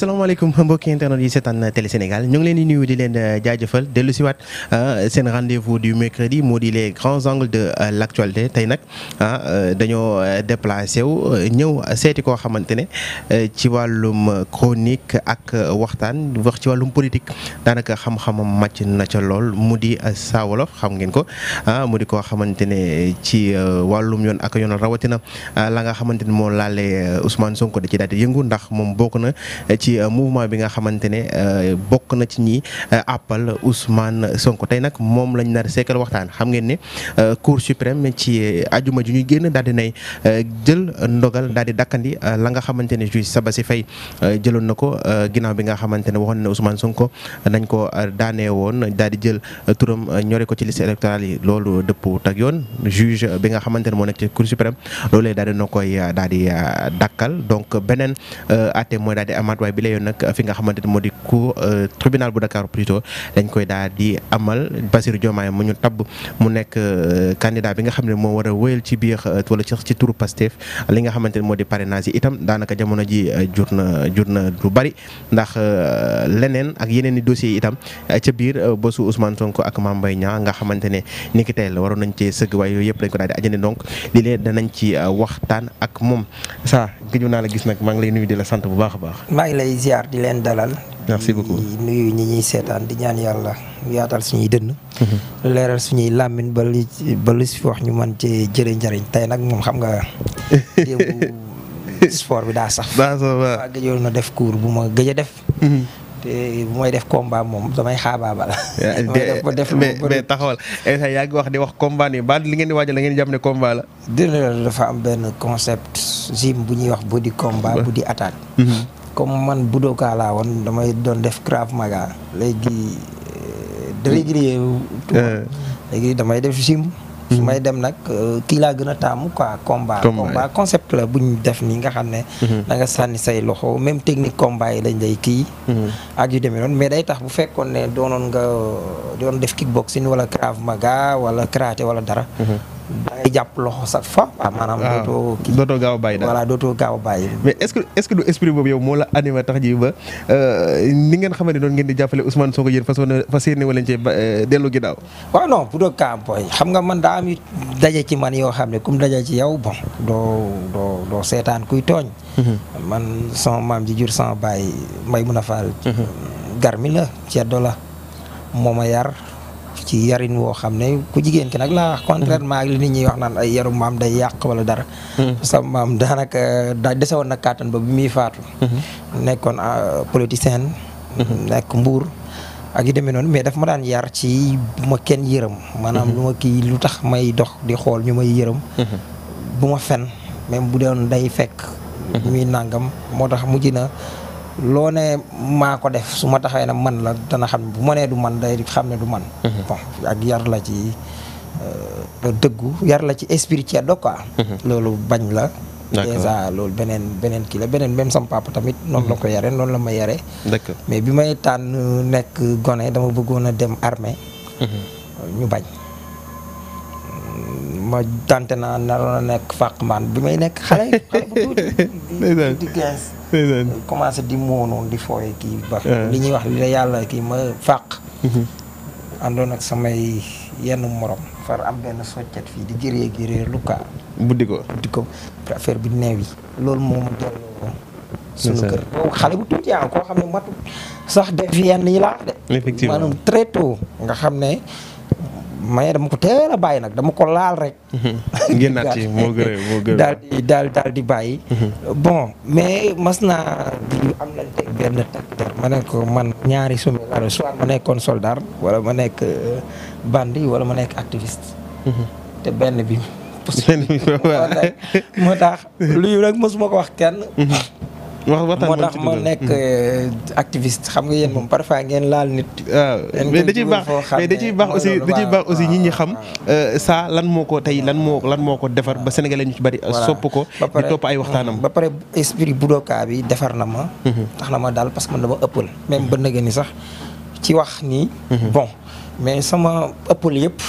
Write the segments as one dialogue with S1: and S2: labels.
S1: salaamaaleykum mbokki internet yi seetaan Télé Sénégal ñu ngi leen di nuyu di leen euh, jaajafal dellu siwaat euh, seen rendez-vous du mercredi moo di les grands angles de euh, l' tey nag ah, dañoo déplacé wu ñëw seeti koo xamante ne ci wàllum chronique ak waxtaan wax ci wàllum politique daanaka xam-xamam màcc na ca lool mu di Saa xam ngeen ko ah, mu di koo xamante ne ci wàllum yoon ak yoonal rawatina ah, la nga xamante ne moo laale Ousmane Sonko da ci daal di yëngu ndax moom bokk na ci euh, mouvement bi nga xamante ne euh, bokk na ci ñi euh, àppal Ousmane Sonko tey nag moom lañ nar seekal waxtaan xam ngeen ne Cour suprême ci ajuma ju ñu génn daal di nay jël ndogal daal di dakkandi la nga xamante ne juge Sabassy Faye jëloon na ko ginnaaw bi nga xamante ne waxoon na Ousmane Sonko nañ ko daanee woon daal di jël turam ñore ko ci liste électorale yi loolu dëppoo ak yoon bi nga xamante ne moo na koy dakkal donc beneen àtte mooy daal di amaat bi la yoon nag fi nga xamante ne moo di cour euh, tribunal bu Dakar plutôt dañ koy daal di amal Bassirou Diomaye mu ñu tab mu nekk euh, candidat bi nga xam ne moo war a wëyal ci biir euh, wala ci ci turu Pastef li nga xamante ne moo di parrainage yi itam daanaka jamono ji jur na jur na lu bari ndax leneen ak yeneen i dossiers itam ca biir bosu Ousmane Sonko ak Mame Mbaye Niang nga xamante ne ni ki tey la waroon nañ cee sëgg waaye yooyu yëpp dañ ko daal di ajandi donc lii lee danañ ci waxtaan ak moom saa gëju naa la gis nag maa ngi lay nuyu di sant bu baax a baax
S2: lay ziar di leen dalal. merci beaucoup nuyu ñi ñuy seetaan di ñaan yàlla yaatal ñuy dënn. Mhm. leeral suñuy làmmiñ ba lu ba lu wax ñu man ci jëre njariñ tey nag moom xam nga. démb sport bi daa sax. daa sax waaw gëjoon na def cours bu ma gëj def. Mhm. te bu may def combat moom damay xaabaabal. def ba def mais mais
S1: taxawal Elisa wax di wax combat nii ba li ngeen di waajal da ngeen di jàpp ne
S2: la. dina dafa am benn concept gym bu ñuy wax body combat body attaque. Mhm. comme man budoka laa woon damay doon def Krav Maga léegi euh, délégré euh. léegi damay def gym su hmm. may dem nag euh, kii laa gën a taamu quoi combat combat concept la bu ñu def nii nga xam ne hmm. da nga sànni say loxo même technique combat yi lañ lay kii hmm. ak yu deme noonu mais day tax bu fekkoon ne doonoon nga doon def kickboxing wala Krav Maga wala karaté wala dara da jàpp loxo sax fa. Ah, waaw maanaam ah, dootoo kii dootoo gaaw a bàyyi daal voilà dootoo gaaw a bàyyi. mais
S1: est ce que est ce que du esprit boobu yow moo la animé tax ji ba euh, ni ngeen xamante noonu ngeen di jàppale Ousmane
S2: Sonko yéen façon fas yéene wala cee euh, dellu ginnaaw. waaw non bu doog kaa booy xam nga man daa am daje ci man yoo xam ne comme daje ci yow bon doo doo doo seetaan kuy tooñ. Mhm. man sama maam ji jur sama baay may mun a faal. Mhm. garmi la ceddo la moo ma yar. ci yarin woo xam ne ku jigéen ki nag la wax maa ak li nit ñi wax naan ay yarum maam day yàq wala dara hmm. sa maam daanaka da dese woon na kàttan ba bi muy faatu hmm. nekkoon ah, politicien hmm. nekk mbuur ak yu demee noonu mais daf ma daan yar ci ma kenn yërëm maanaam lu ma kii lu tax may dox di xool ñu may yërëm bu ma fen même bu doon day fekk ñuy nàngam moo tax mujj na loo ne maa ko def su ma taxee na man la dana xam ne bu ma du man day xam ne du man bon ak yar la ci dëggu yar la ci spirituel do quoi loolu bañ la dèjà loolu beneen beneen kii beneen même sama papa tamit noonu la ko yare noonu la ma yare mais bi may tànn nekk gone dama bëggoon a dem armée ñu bañ ma tànte naa naroon a nekk fàq maan bi may nekk xale xale bu tuuti di quinze commencé di moonoon di fooye kii ba li ñuy wax li la yàlla kii ma fàq mhm. àndoon ak samay yenn moroom far am benn soccet fii di jëree jëree lukaa buddi ko buddi ko affaire bi neew yi loolu moom delloo suñu kër boobu xale bu tuuti yaa ah, koo xam ne matu sax def yenn yi laa de effectivement maanaam nga xam ne mais dama ko teel a bàyyi nag dama ko laal rek. génnaat ci moo gën daal di bàyyi. bon mais mas naa di am nañ teg benn takk ma ne man ñaari sumé laa soit ma nekkoon soldat wala ma nekk euh, bandi wala ma nekk activist te benn bi. moo tax luy rek mosuma ko wax kenn. moo tax ma nekk hmm. euh, activiste xam nga yéen moom parfois ngeen laal nit.
S1: waaw mais da ciy baax mais da ciy baax aussi ah, ñi ñi ah, xam. saa ah. euh, lan moo ko tey lan moo lan moo ko defar ba sénégalais ñu ci bari. sopp ko di topp ay waxtaanam. ba pare
S2: esprit budoka bi defar na ma. Mhm. tax na ma daal parce que man dama ëppal. même ba nëgë ni sax ci wax nii. Mhm. bon mais sama ëppal yëpp.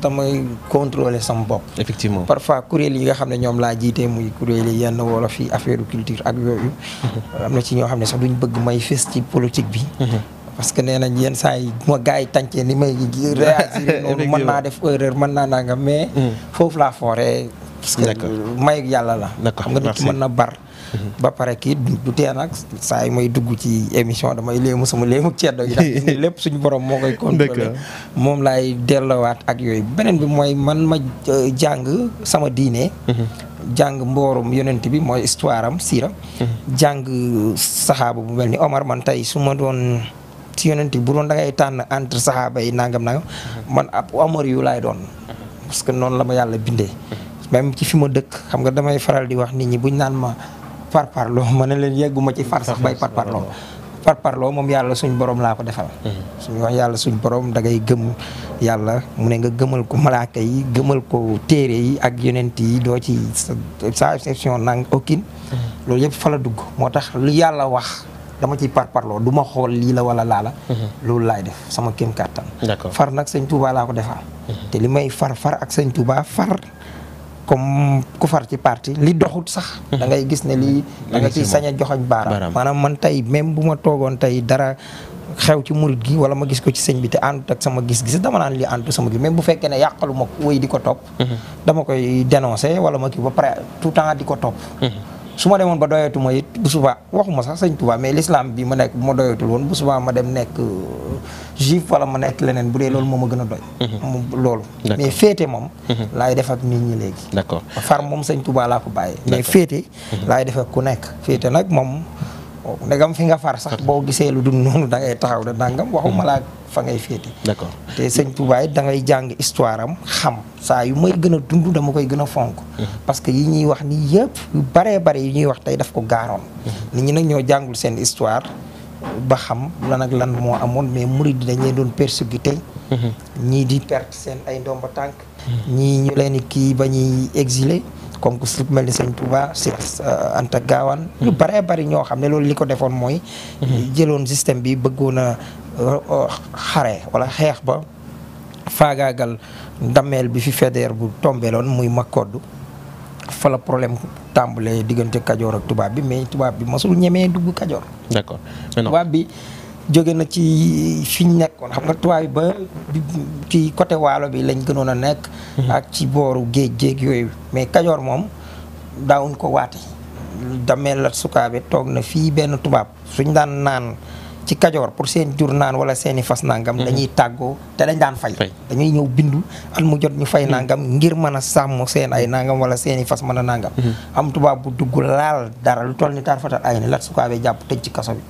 S2: damay contrôler sama bopp. effectivement parfois kuréel yi nga xam ne ñoom laa jiitee muy kuréel yi yenn wolof yi affaire culture ak yooyu. Mhm. am na ci ñoo xam ne sax duñ bëgg may fës ci politique bi. Mhm. parce que nee nañ yenn saa yi ma gars yi tàncee ni may réagir noonu mën naa def erreur mën naa nangam mais. Mhm. foofu laa fooree. parce que mayu yàlla la. xam nga nit mën na bar. ba pare kii du tee nag saa yi may dugg ci émission damay léemu sama léemu ceddo yi ndax lépp suñu borom moo koy contrôlé moom laay dellowaat ak yooyu beneen bi mooy man ma euh, jàng sama diine mhm. jàng mboorum yonent bi mooy histoire am siira mhm. jàng saxaaba bu mel ni Omar man tey su ma doon ci yonent bi bu doon da ngay tànn entre saxaaba yi nangam na mhm. man ab Omar yu laay doon parce que noonu la ma yàlla bindee même ci fi ma dëkk xam nga damay faral di wax nit ñi buñ naan par parloo ma ne leen par parloo par parloo moom yàlla suñ borom laa ko defal mhm. suñu wax yàlla suñ borom da ngay gëm yàlla mu ne nga gëmal ko malaaka yi gëmal ko téere yi ak yonent yi doo ci sa exception nang aucune mhm. loolu yëpp fa dugg moo tax lu yàlla wax dama ci parparloo du ma xool lii la wala laa la mhm. loolu laay def sama kéem kàttan far nag sëñ Touba laa ko defal te li may far far ak sëñ Touba far comme ku far ci parti li doxut sax. Mhm. da ngay gis ne li mhm. da nga ciy sañ a joxoñ baaraam maanaam man tey même bu ma toogoon tey dara. xew ci murit gi wala ma gis ko ci sëñ bi te àndut ak sama gis-gis dama naan li àndut sama gis même bu fekkee ne yàqalu ma wéy di ko topp. Mhm. dama koy dénoncé wala ma kii ba pare tout temps di ko topp. su ma demoon ba doyatuma it bu subaa waxuma sax sëñ Tuubaa mais l'islam bi ma nekk ma doyatul woon bu subaa ma dem nekk euh, juif wala ma nekk leneen bu dee loolu moom ma gën a doy mhm. loolu mais féete moom mhm. laay def nit ñi léegi d'accord far moom sëñ Tuubaa laa ko bàyyi mais féete mhm. laay def ku nekk féete nag moom Oh, ndegam fi nga far sax boo gisee lu dul noonu da ngay taxaw da dàngam waxuma laa fa ngay féete. d'accord te sëñ Touba it da ngay jàng histoire am xam saa yu may gën a dund dama koy gën a fonk. Mhm. parce que yi ñuy wax ni yëpp yu baree bare yi ñuy wax tey daf ko gaaroon. Mhm. nit ñi nag ñoo jàngul seen histoire ba xam lan ak lan moo amoon mais mu murid dañ leen doon persécuté. Mhm. ñii di perte seen ay ndomba tànk. ñii ñu leen kii ba ñuy exilé. comme ku si mel ni sëñ Touba Cheikh euh, Anta Gaawaan ñu mm-hmm. bare bari ñoo xam ne loolu li ko defoon mooy mm-hmm. jëloon système bi bëggoon a euh, euh, xare wala xeex ba faagaagal ndameel bi fi fedeer bu tombeeloon muy Makoddu fa la problème tàmbalee diggante Kajoor ak tubaab bi mais tubaab bi masul ñemee dugg Kajoor tubaab bi jóge na ci fi ñu nekkoon xam nga tubaab yi ba ci côté waalo bi lañ gënoon a nekk. Mhm. ak ci booru géej géej yooyu mais kajoor moom daawuñ ko waate dameel la sukaabe toog na fii benn tubaab suñ daan naan ci kajoor pour seen jur naan wala seeni fas nangam. Mhm. dañuy tàggoo te dañ daan fay. dañuy ñëw bindu at mu jot ñu fay mhm. nangam ngir mën a sàmm seen ay nangam wala seeni fas mën a nangam. am tubaab bu dugg laal dara lu toll ni taar fatal ay ni lat sukaabe jàpp tëj ci kaso bi.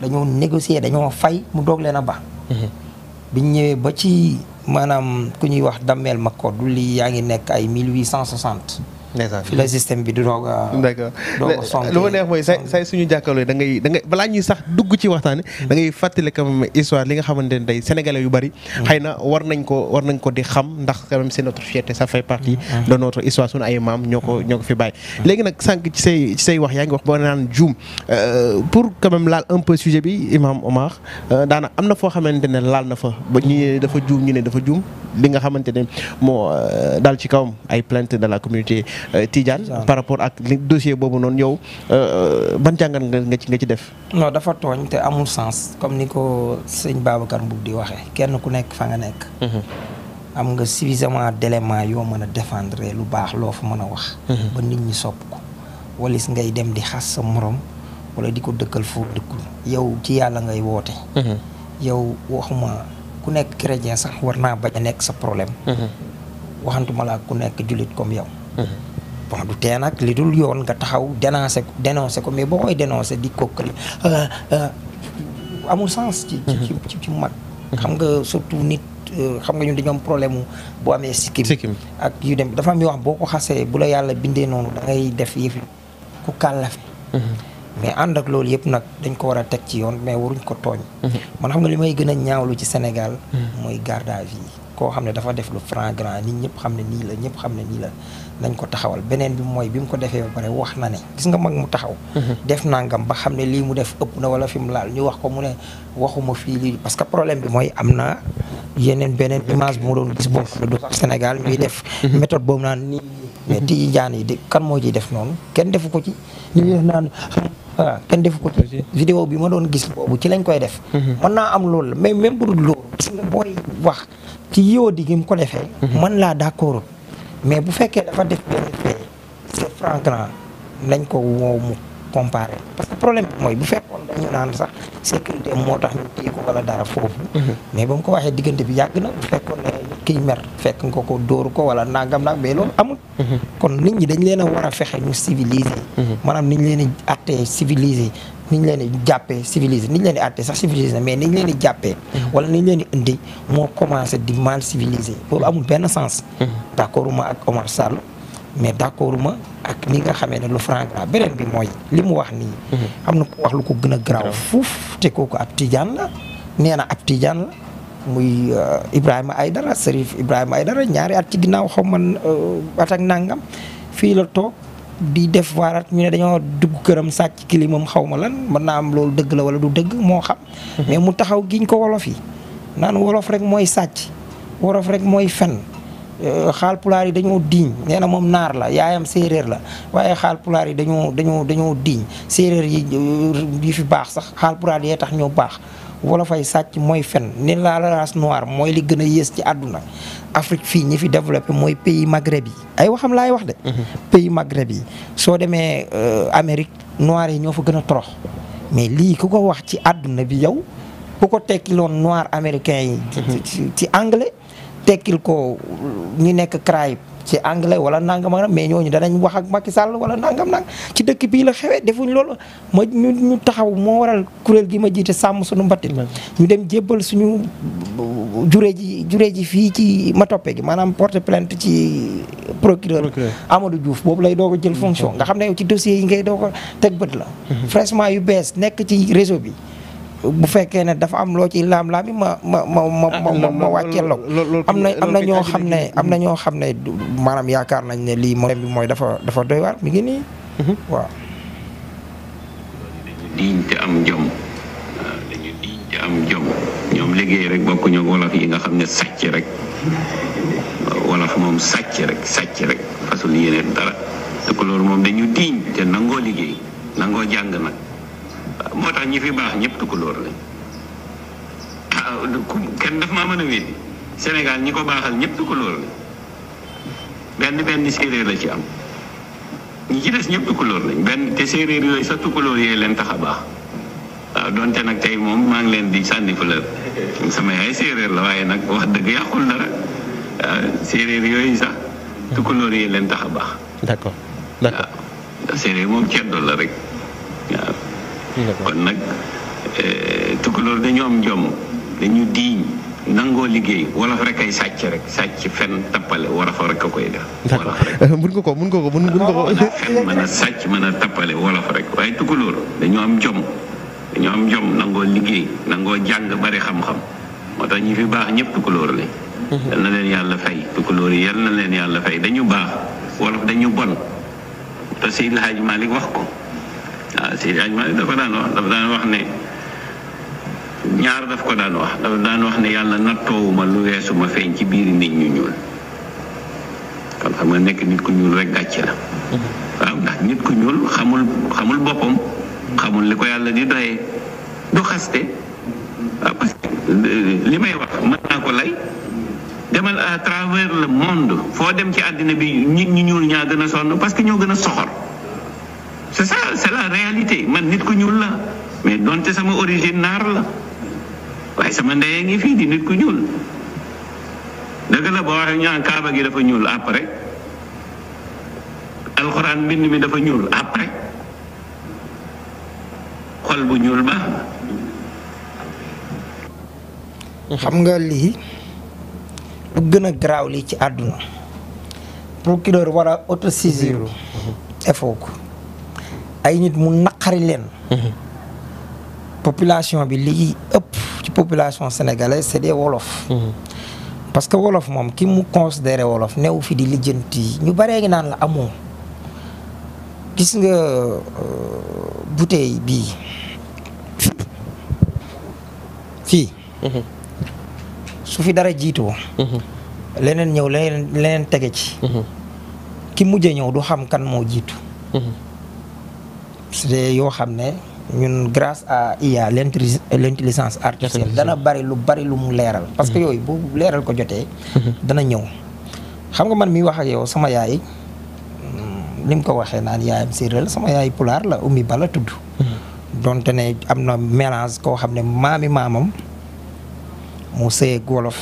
S2: dañoo négocier dañoo fay mu doog leen a ba mhm. biñ ñëwee ba ci maanaam ku ñuy wax dammeel ma ko du lii yaa ngi nekk ay 1860 fi la bi di doog a. d'accord
S1: lu ma neex mooy say say suñu jàkkaarloo da ngay da balaa ñuy sax dugg ci waxtaan da ngay fàttali quand même histoire li nga xamante ne tey sénégalais yu bari. xëy na war nañ ko war nañ ko di xam ndax quand même c'est notre fierté ça fait partie ah. de notre histoire suñu ay maam ñoo ko ah. ñoo ko fi bàyyi. Ah. léegi nag sànq ci say ci wax yaa ngi wax boo naan juum euh, pour quand même laal un peu sujet bi Imam Omar euh, daana am na foo xamante ne laal na fa ba ñu dafa juum ñu ne dafa juum li nga xamante ne moo euh, daal ci kawam ay plainte de la communauté Euh, Tidiane. par rapport ak dossier boobu noonu yow euh, euh, ban jàngat nga ci nga ci def.
S2: non dafa tooñ te amul sens comme ni ko sëñ Babacar Mboub di waxee kenn ku nekk fa nga nekk. Mhm. am nga suffisamment d'éléments yoo mën a défendre lu baax loo fa mën a wax. Mhm. ba nit ñi sopp ko walis ngay dem di xas sa morom wala di ko dëkkal foo dëkkul yow ci yàlla ngay woote. Mhm. yow waxuma ku nekk chrétien sax war naa bañ a nekk sa problème. waxantuma laa ku nekk jullit comme yow. bon du tee nag li dul yoon nga taxaw dénoncé ko dénoncé ko mais boo koy dénoncé di kokkali euh, euh, amul sens ci ci ci mag xam nga surtout nit euh, xam nga ñun dañoom am problème mu boo amee sikkim ak yu dem dafa am yoo xam boo ko xasee bu la yàlla bindee noonu da ngay def yëfi ku kàllafe mm-hmm. mais ànd ak loolu yëpp nag dañ ko war a teg ci yoon mais waruñ ko tooñ mm-hmm. man xam nga li may gën a ñaawlu ci Sénégal mm-hmm. mooy garde à vue koo xam ne dafa def lu flagrant nit ñëpp xam ne nii la ñëpp xam ne nii nañ ko taxawal beneen bi mooy bi mu ko defee ba pare wax na ne gis nga mag mu taxaw. Mhm. def nangam ba xam ne lii mu def ëpp na wala fi mu laal ñu wax ko mu ne waxuma fii lii parce que problème bi mooy am na yeneen beneen image bu doon gis boo xam ne du Sénégal ñuy def. Mhm. méthode boobu yi de kan moo ciy def noonu kenn defu ko ci. ñu ngi def ko ci. bi ma doon gis boobu ci lañ koy def. Mhm. mën naa am lool la mais même bu dul loolu. gis nga booy wax ci yow di gi mu ko defee. man laa d'accord. mais bu fekkee dafa def benn fait c'est flagrant nañ ko woow mu comparer parce que problème bi mooy bu fekkoon dañu naan sax sécurité moo tax ñu téye ko wala dara foofu. Mhm. mais ba mu ko waxee diggante bi yàgg na bu fekkoon ne kiy mer fekk nga ko door ko wala nangam nag mais loolu amul. Mhm. kon nit ñi dañ leen a war a fexe ñu civiliser. Mhm. maanaam ni ñu leen a attee ni ñu leen di jàppee civilisé ni ñu leen di àttee sax civilisé mais ni ñu leen di jàppee. wala ni ñu leen di indi moo commencé di mal civilisé boobu amul benn sens. Hmm. d' accord ma ak Omar Sall mais d' accord ma ak ni nga xamee ne lu franc la beneen bi mooy li mu wax nii. Hmm. am na ku wax lu ko gën a garaaw fuuf te kooku ab tijaan la nee na ab tijaan la. muy euh, Ibrahima Aydara Serif Ibrahima Aydara ñaari at ci ginnaaw xaw man euh, at ak nangam fii la to di def waaraat ñu ne dañoo dugg këram sàcc kili moom xaw ma lan mën naa am loolu dëgg la wala du dëgg moo xam. Mhm. mais mu taxaw giñ ko wolof yi naan wolof rek mooy sàcc wolof rek mooy fen. Euh, xaal pulaar yi dañoo diiñ nee na moom naar la yaayam séeréer la waaye xaal pulaar yi dañoo dañoo dañoo diiñ séeréer yi euh, yi fi baax sax xaal pulaar yee tax ñoo baax. wala fay sàcc mooy fen ne la race noire mooy li gën a yées ci àdduna Afrique fii ñi fi développé mooy pays Maghreb yi ay waxam laay wax de. Mhm. pays Maghreb yi soo demee euh, Amérique noir yi ñoo fa gën a torox mais lii ku ko wax ci àdduna bi yow ku ko tekkiloon noir américain yi. Mhm. ci ci anglais tekkil ko ñu nekk Caraïbes ci anglais wala nangam ak mais ñooñu danañ wax ak Macky Sall wala nangam nag ci dëkk bii la xewee defuñ loolu ma ñu taxaw moo waral kuréel gi ma jiite sàmm suñu mbattit ñu dem jébbal suñu juree ji juree ji fii ci ma toppe gi maanaam porte plainte ci procureur Amadou juuf boobu lay doog a jël mm-hmm. fonction nga xam ne yow ci dossier yi ngay doog a teg bët la mm-hmm. fraîchement yu bees nekk ci réseau bi bu fekkee ne dafa am loo ci laam-laam yi ma ma ma ma ah, ma ma wàcceel la am na am na ñoo xam ne am na xam ne maanaam yaakaar nañ ne lii mooy bi mooy dafa dafa doy waar mi ngi nii mhm. waaw
S3: diñ dañu diñ ah, te am jom ñoom liggéey rek bokk ñoo yi nga xam ne sàcc rek wolof moom sàcc rek sàcc rek fasul dara te ko loolu moom dañu diñ te nangoo liggéey nangoo jàng nag moo tax ñi fi baax ñëpp ah, du kulóor lañ kenn daf maa mën a wéet Sénégal ñi ko baaxal ñëpp du lañ benn benn séeréer la ci am ñi ci des ñëpp tukulóor lañ benn te séeréer yooyu sa tukulóor yooyu leen tax a baax ah, donte nag tey moom maa ngi leen di sànni yaay séeréer la waaye nag wax dëgg yàqul dara ah, séeréer yooyu sax tukulóor yooyu leen tax a baax.
S1: d'accord d'accord
S3: séeréer moom ceddo la rek waaw. kon nag eh, tukulóor dañu am jom dañu diiñ nangoo liggéey wolof rek ay sàcc rek sàcc fen tappale wolof rek a koy def.
S1: d'accord mun nga ko mun nga ko mun nga ko. fen
S3: mën a sàcc mën a tappale wolof rek waaye tukulóor dañu am jom dañu am jom nangoo liggéey nangoo jàng bari xam-xam moo tax ñi fi baax ñëpp tukulóor lañ. Mhm. yal na leen yàlla fay tukulóor yi yal na leen yàlla fay dañu baax wolof dañu bon te Seydil Hadji Malick wax ko. waaw Seydi Aj Maalik dafa daan wax dafa daan wax ne ñaar daf ko daan wax dafa daan wax ne yàlla nattoowuma lu weesu ma feeñ ci biir nit ñu ñuul kon nekk nit ku ñuul rek gàcc la waaw nit ku ñuul xamul boppam xamul li ko yàlla di doyee du xaste que li may wax mën naa ko demal à travers le monde foo dem ci àddina bi nit ñu ñuul ñaa gën a sonn parce que ñoo gën a soxor c'est ça la réalité man nit ku ñuul la mais donte sama origine naar la waaye sama ndey ngi fii di nit ku ñuul dëgg la waxee ñu kaaba gi dafa ñuul après alxuraan mbind mi dafa ñuul après xol bu ñuul baax
S2: xam nga lii lu gën a garaaw lii ci àdduna procureur war a autosaisir mm-hmm. defoo ko ay nit mu naqari leen. Mm-hmm. population bi li ëpp ci population sénégalaise c'est des wolof. Mm-hmm. parce que wolof moom ki mu considéré wolof neew fi di yi ñu baree ngi naan la amoo gis nga euh, bouteille bii fii. Mm-hmm. su fi dara jiitoo leneen ñëw leneen leneen tege ci. ki mujj ñëw du xam kan moo jiitu. c'est yoo xam ne ñun grâce a IA l'intelligence artificielle dana bari lu bari lu mu leeral parce que mm-hmm. yooyu bu leeral ko jotee mm-hmm. dana ñëw xam nga man mi wax ak yow sama yaay li mm, ko waxee naan yaayam séeréer la sama yaay pulaar la ummi bala tudd
S4: mm-hmm.
S2: donte ne am na mélange koo xam ne maami maamam mu sëyeeg wolof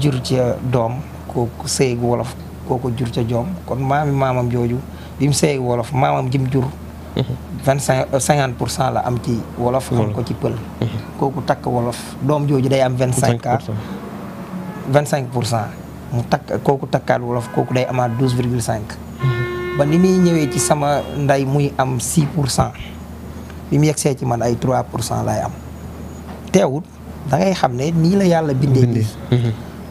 S2: jur ca doom kooku sëyeeg wolof kooku jur ca joom kon maami maamam jooju bi mu seey wolof maamam jim jur mhm. vingt cinq euh, cinquante pour cent la am ci wolof xam ko ci pël mhm. kooku takk wolof doom jooju day am vingt cinq ans vingt cinq pour cent mu takk kooku takkaat wolof kooku day amaat douze virgule cinq mhm. ba ni muy ñëwee ci sama ndey muy am six pour cent bi mu yegsee ci man ay trois pour cent lay am teewut da ngay xam ne nii la yàlla bindee bi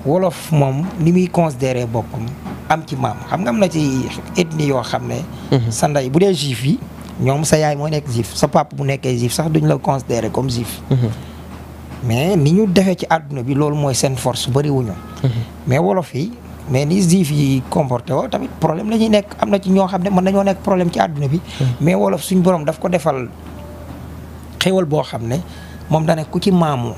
S2: wolof moom ni muy considéré boppam am ci maam xam nga am na ci ethnie yoo xam ne. Mhm. sa ndey bu dee juif yi ñoom sa yaay mooy nekk juif sa papa bu nekkee juif sax duñ la considérer comme juif. Mhm. mais ni ñu defee ci àdduna bi loolu mooy seen force bëriwuñu. Mhm. mais wolof yi mais ni juif yi comporté woo tamit problème la ñuy nekk am na ci ñoo xam ne mën nañoo nekk problème ci àdduna bi. mais wolof suñ borom daf ko defal xéwal boo xam ne moom da nekk ku ci maamu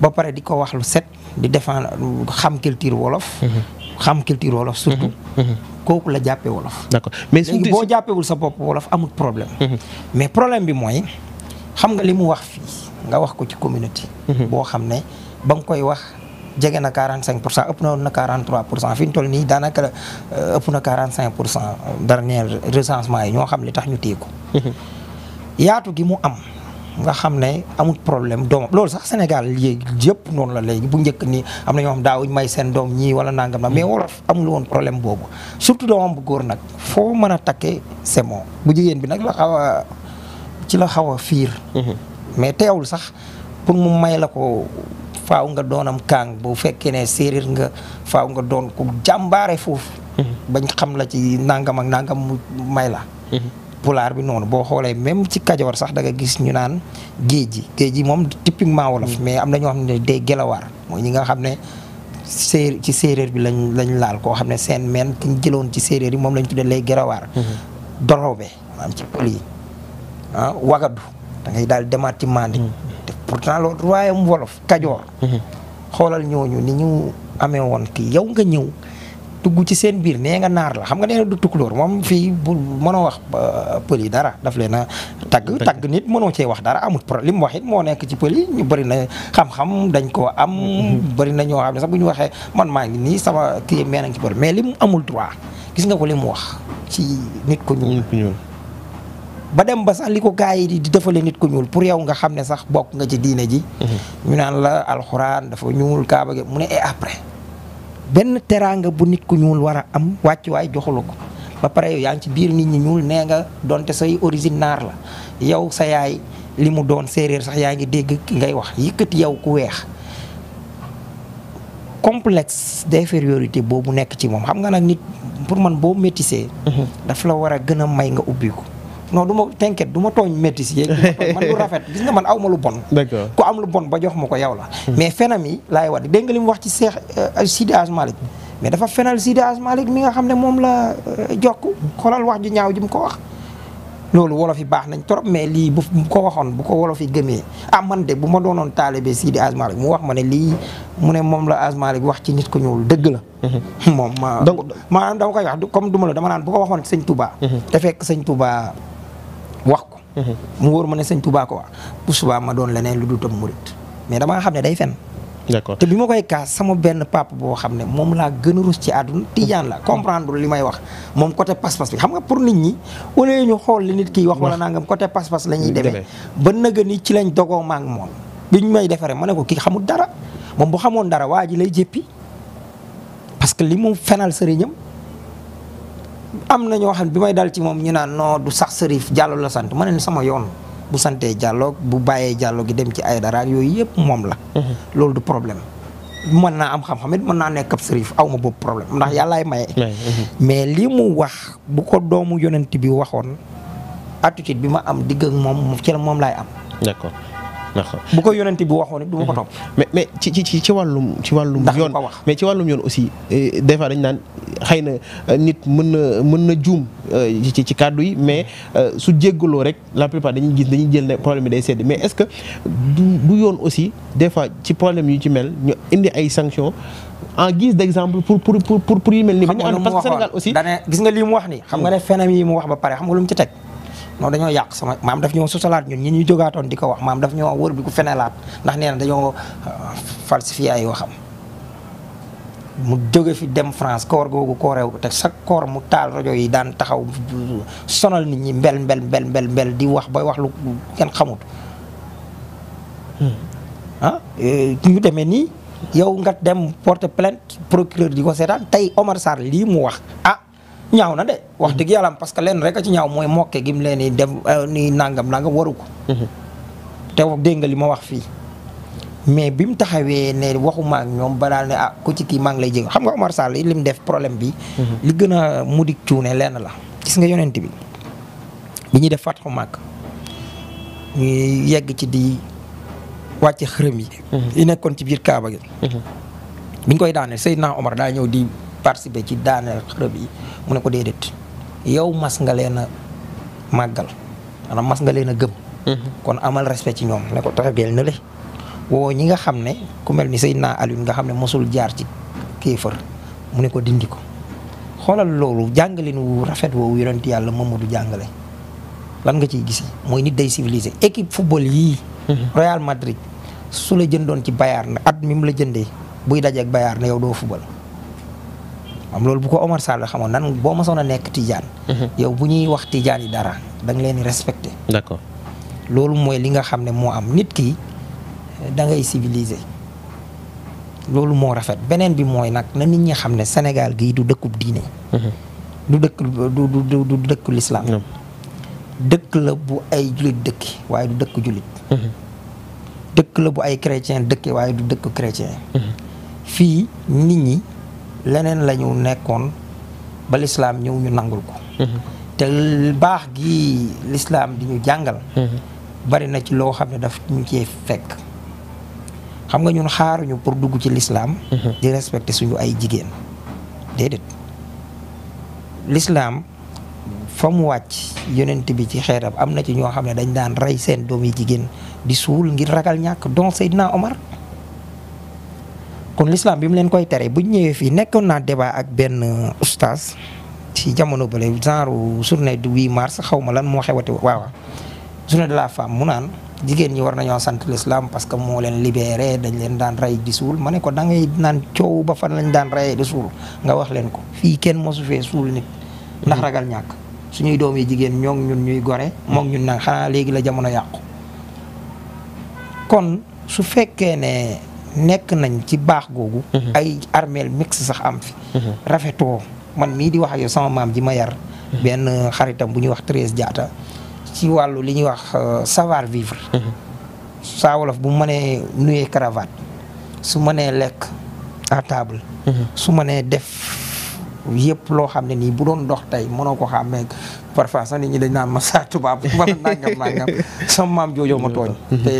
S2: ba pare di ko wax lu set di défendre xam culture wolof. xam culture wolof surtout mm-hmm. Mm-hmm. kooku la jàppee wolof
S1: d'accord mais léegi boo
S2: jàppewul sa bopp wolof amul problème mm-hmm. mais problème bi mooy xam nga li mu wax fii nga wax ko ci communauté boo xam ne ba nga koy wax jege na 45 pour cent ëpp na na 43 pour cent fi ñu toll nii daanaka euh, ëpp na pour cent dernier recensement yi ñoo xam li tax ñu téye ko yaatu gi mu am nga xam ne amul problème doomam loolu sax Sénégal léegi yëpp noonu la léegi bu njëkk nii am na ñoo xam daawuñ may seen doom ñii wala nangam mais hmm. wolof amul woon problème boobu surtout doomam bu góor nag foo mën a takkee c'est bu jigéen bi nag la xaw ci la xaw a fiir hmm. mais teewul sax pour mu may la ko faaw nga doonam kaang bu fekkee ne séeréer nga faaw nga doon ku jàmbaare foofu hmm. xam la ci nangam nangam mu may la pulaar bi noonu boo xoolee même ci kajoor sax da nga gis ñu naan géej gi géej gi moom typiquement wolof mm. mais am na ñoo xam ne day gelawaar mooy ñi nga xam ne séer ci séeréer bi lañ lañ laal koo xam ne seen meen ki ñu ci séeréer yi moom lañ tuddee lay gelawaar mm-hmm. dorobe maanaam ci pël yi ah wagadu da ngay daal demaat ci mandi mm. te pourtant loolu royaume wolof kajoor mm-hmm. xoolal ñooñu ni ñu amee woon kii yow nga ñëw tugg ci seen biir nee nga naar la xam nga nee na du tukulóor moom fii bu mënoo wax euh, pël yi dara daf leen a tagg tagg nit mënoo cee wax dara amul problème li mu moo nekk ci pël yi ñu bëri na xam-xam dañ koo am mm-hmm. bari na ñoo xam ne sax bu ñu waxee man maa ngi nii sama kii mee nañ ci pël mais li mu amul droit gis nga ko li mu wax ci nit ko ñuul ba dem ba sax li ko gars yi di defale nit ku ñuul pour yow nga xam ne sax bokk nga ci diine ji.
S4: Mm-hmm.
S2: ñu naan la alxuraan dafa ñuul kaaba mu ne après. benn teraanga bu nit ku ñuul war a am wàccuwaay joxulu ko ba pare yaa ngi ci biir nit ñi ñuul nee nga donte say origine naar la yow sa yaay li mu doon séeréer sax yaa ngi dégg ngay wax yëkkati yow ku weex complexe d'infériorité boobu nekk ci moom xam nga nag nit pour man boo métissé. Mhm. daf la war a gën a may nga ubbi ko non du ma t'inquiète du ma tooñ métis yeeg man lu rafet gis nga man aw ma lu bon ku am lu bon ba jox ma ko yow la hmm. mais fenam yi laay wax dégg nga wax ci Seex euh, Sidi Aj mais dafa fenal Sidi Aj Malick mi nga xam ne moom la euh, jokk xoolal wax ju ñaaw ji mu ko wax loolu wolof yi baax nañ trop mais lii bu ko waxoon bu ko wolof yi gëmee ah man bu ma doonoon taalibe Sidi Aj Malick mu wax ma ne lii mu ne moom la Aj Malick wax ci nit ko ñuul dëgg la. Hmm. moom ma maanaam dama koy wax comme duma la dama naan bu ko waxoon sëñ Touba. Hmm. te fekk sëñ Touba. mu wóor ma ne sëñ Touba ko wax bu subaa ma doon leneen lu dul tam murit mais damaa xam ne day fen d'accord te bi ma koy kaas sama benn pap boo xam ne moom laa gën a rus ci àdduna tijaan la comprendre li may wax moom côté pas-pas xam nga pour nit ñi wala ñu nit kiy wax wala nangam côté pas-pas la ñuy demee ba nëga ni ci lañ dogoo maak moom ñu may defaree ma ne ko ki xamul dara moom bu xamoon dara waa ji lay jéppi parce que li mu fenal sëriñam am na ñoo xam bi may dal ci moom ñu naan non du sax Serif Diallo la sant ma ne sama yoon bu santee Diallo bu bàyyee Diallo gi dem ci ay daraa yooyu yëpp moom la. Mhm. loolu du problème. mën naa am xam-xam it mën naa nekk ab Serif aw ma boobu problème ndax yàllaay maye. Mhm. mais lii mu wax bu ko doomu yonent bi waxoon attitude bi ma am digg moom ci la moom laay am.
S1: d'accord. bu
S2: ko yonent bi waxoon it du ma ko topp.
S1: mais mais ci ci ci wàllum ci wàllum. yoon mais ci wàllum yoon aussi euh, des fois dañ naan xay na euh, nit mën na mën na juum euh, ci ci kàddu yi mais su jéggaloo rek la plupart dañuy gis dañuy jël ne problème bi day mais est que du yoon aussi des fois ci problème yu ci mel ñu indi ay sanctions en guise d'exemple pour
S2: pour pour pour nga li mu wax ni xam nga ne hmm. phénomène yi mu wax ba pare xam nga lu ci teg. non dañoo yàq sama maam daf ñoo sosalaat ñun ñi ñu jógaatoon di ko wax maam daf ñoo wër bi ku fenelaat ndax nee na dañoo euh, falsifié ay waxam mu jóge fi dem France koor googu koorew te sa koor mu taal rajo yi daan taxaw sonal nit ñi mbel mbel mbel mbel di wax bay wax lu kenn xamut hmm. ah euh, ñu demee nii yow nga dem porte plainte procureur di seetaan tey Omar Sarr lii mu wax ah, ñaaw na de wax dëgg yàlla parce que leen rek a ci ñaaw mooy mokke gi mu leen di def euh, ni nangam nangam waru ko. Mhm. te dégg nga li ma wax fii. mais bi mu taxawee ne waxu ak ñoom ba daal ne ah ci kii maa ngi lay jégal xam nga Omar li mu def problème bi. Mhm. li gën a mudik cuune lenn la. gis nga yonent bi bi ñuy def fatxu màkk ñuy yegg ci di wàcce xërëm yi. Mhm. yi nekkoon ci biir Kaaba gi. biñ koy daaneel Seydina Omar daa ñëw di. participer ci daaneel xërëb yi mu ne ko déedéet yow mas nga leen a màggal maanaam mas nga leen a gëm. Mhm. kon amal respect ci ñoom ne ko taxageel na le ñi nga xam ne ku mel ni Seydina Alioune nga xam ne mosul jaar ci kéefër mu ne ko dindi ko xoolal loolu jàngalin wu rafet woowu yonent yàlla moom du jàngale lan nga ciy gis mooy nit day civilisé équipe football yii. Mhm. Real Madrid su la jëndoon ci Bayern at mi mu la jëndee buy dajeeg Bayern yow doo am loolu bu ko Omar Sall xamoon nan boo mosoon a nekk tijaan. Mhm. yow bu ñuy wax tijaan yi dara da leen di respecté. d'accord loolu mooy li nga xam ne moo am nit ki da ngay civilisé loolu moo rafet beneen bi mooy nag na nit ñi xam ne Sénégal gii du dëkku diine. Mhm. du dëkk du du lislaam dëkk la bu ay jullit dëkki waaye du dëkk jullit. Mhm. dëkk la bu ay chrétien dëkki waaye du dëkk chrétien. fii nit ñi. leneen lañu nekkoon ba lislaam ñëw ñu nangul ko mhm. te baax gi lislaam di ñu jàngal mhm. bari na ci loo xam ne daf ñu cee fekk xam nga ñun xaaruñu pour dugg ci lislaam mhm. di respecter suñu ay jigéen déedéet lislaam fa mu wàcc yonent bi ci xeetam am na ci ñoo xam ne dañ daan rey seen doom jigéen di suul ngir ragal ñàkk donc Seydina Omar kon l'islam bi mu leen koy tere bu ñëwee fii nekkoon naa débat ak benn oustaz ci jamono bële genre journée du 8 mars xaw ma lan moo xewati waaw journée de la femme mu naan jigéen ñi war nañoo sant l'islam parce que moo leen libéré dañ leen daan rey di suul ma ne ko dangay ngay naan coow ba fan lañ daan reyee di suul nga wax leen ko fii kenn mosu fee suul nit ndax hmm. ragal ñàkk suñuy doom yi jigéen ñoo ñun ñuy gore moom ñun nag xanaa léegi la jamono yàqu fekkee ne nekk nañ ci baax googu. Mhm. ay armeel mix sax am fi. Mhm. rafetoo man mii di wax ak yow sama maam ji ma yar. Mhm. benn xaritam bu ñuy wax Thérèse jaata ci wàllu li ñuy wax euh, savoir vivre. saa wolof bu mënee nuyee cravate su mënee lekk à table. su mënee def yëpp loo xam ne nii bu doon dox tey mënoo ko xàmmee parfois sax nit ñi dañ naan ma saa tubaab wala nangam nangam sama maam joojoo ma tooñ mm-hmm. te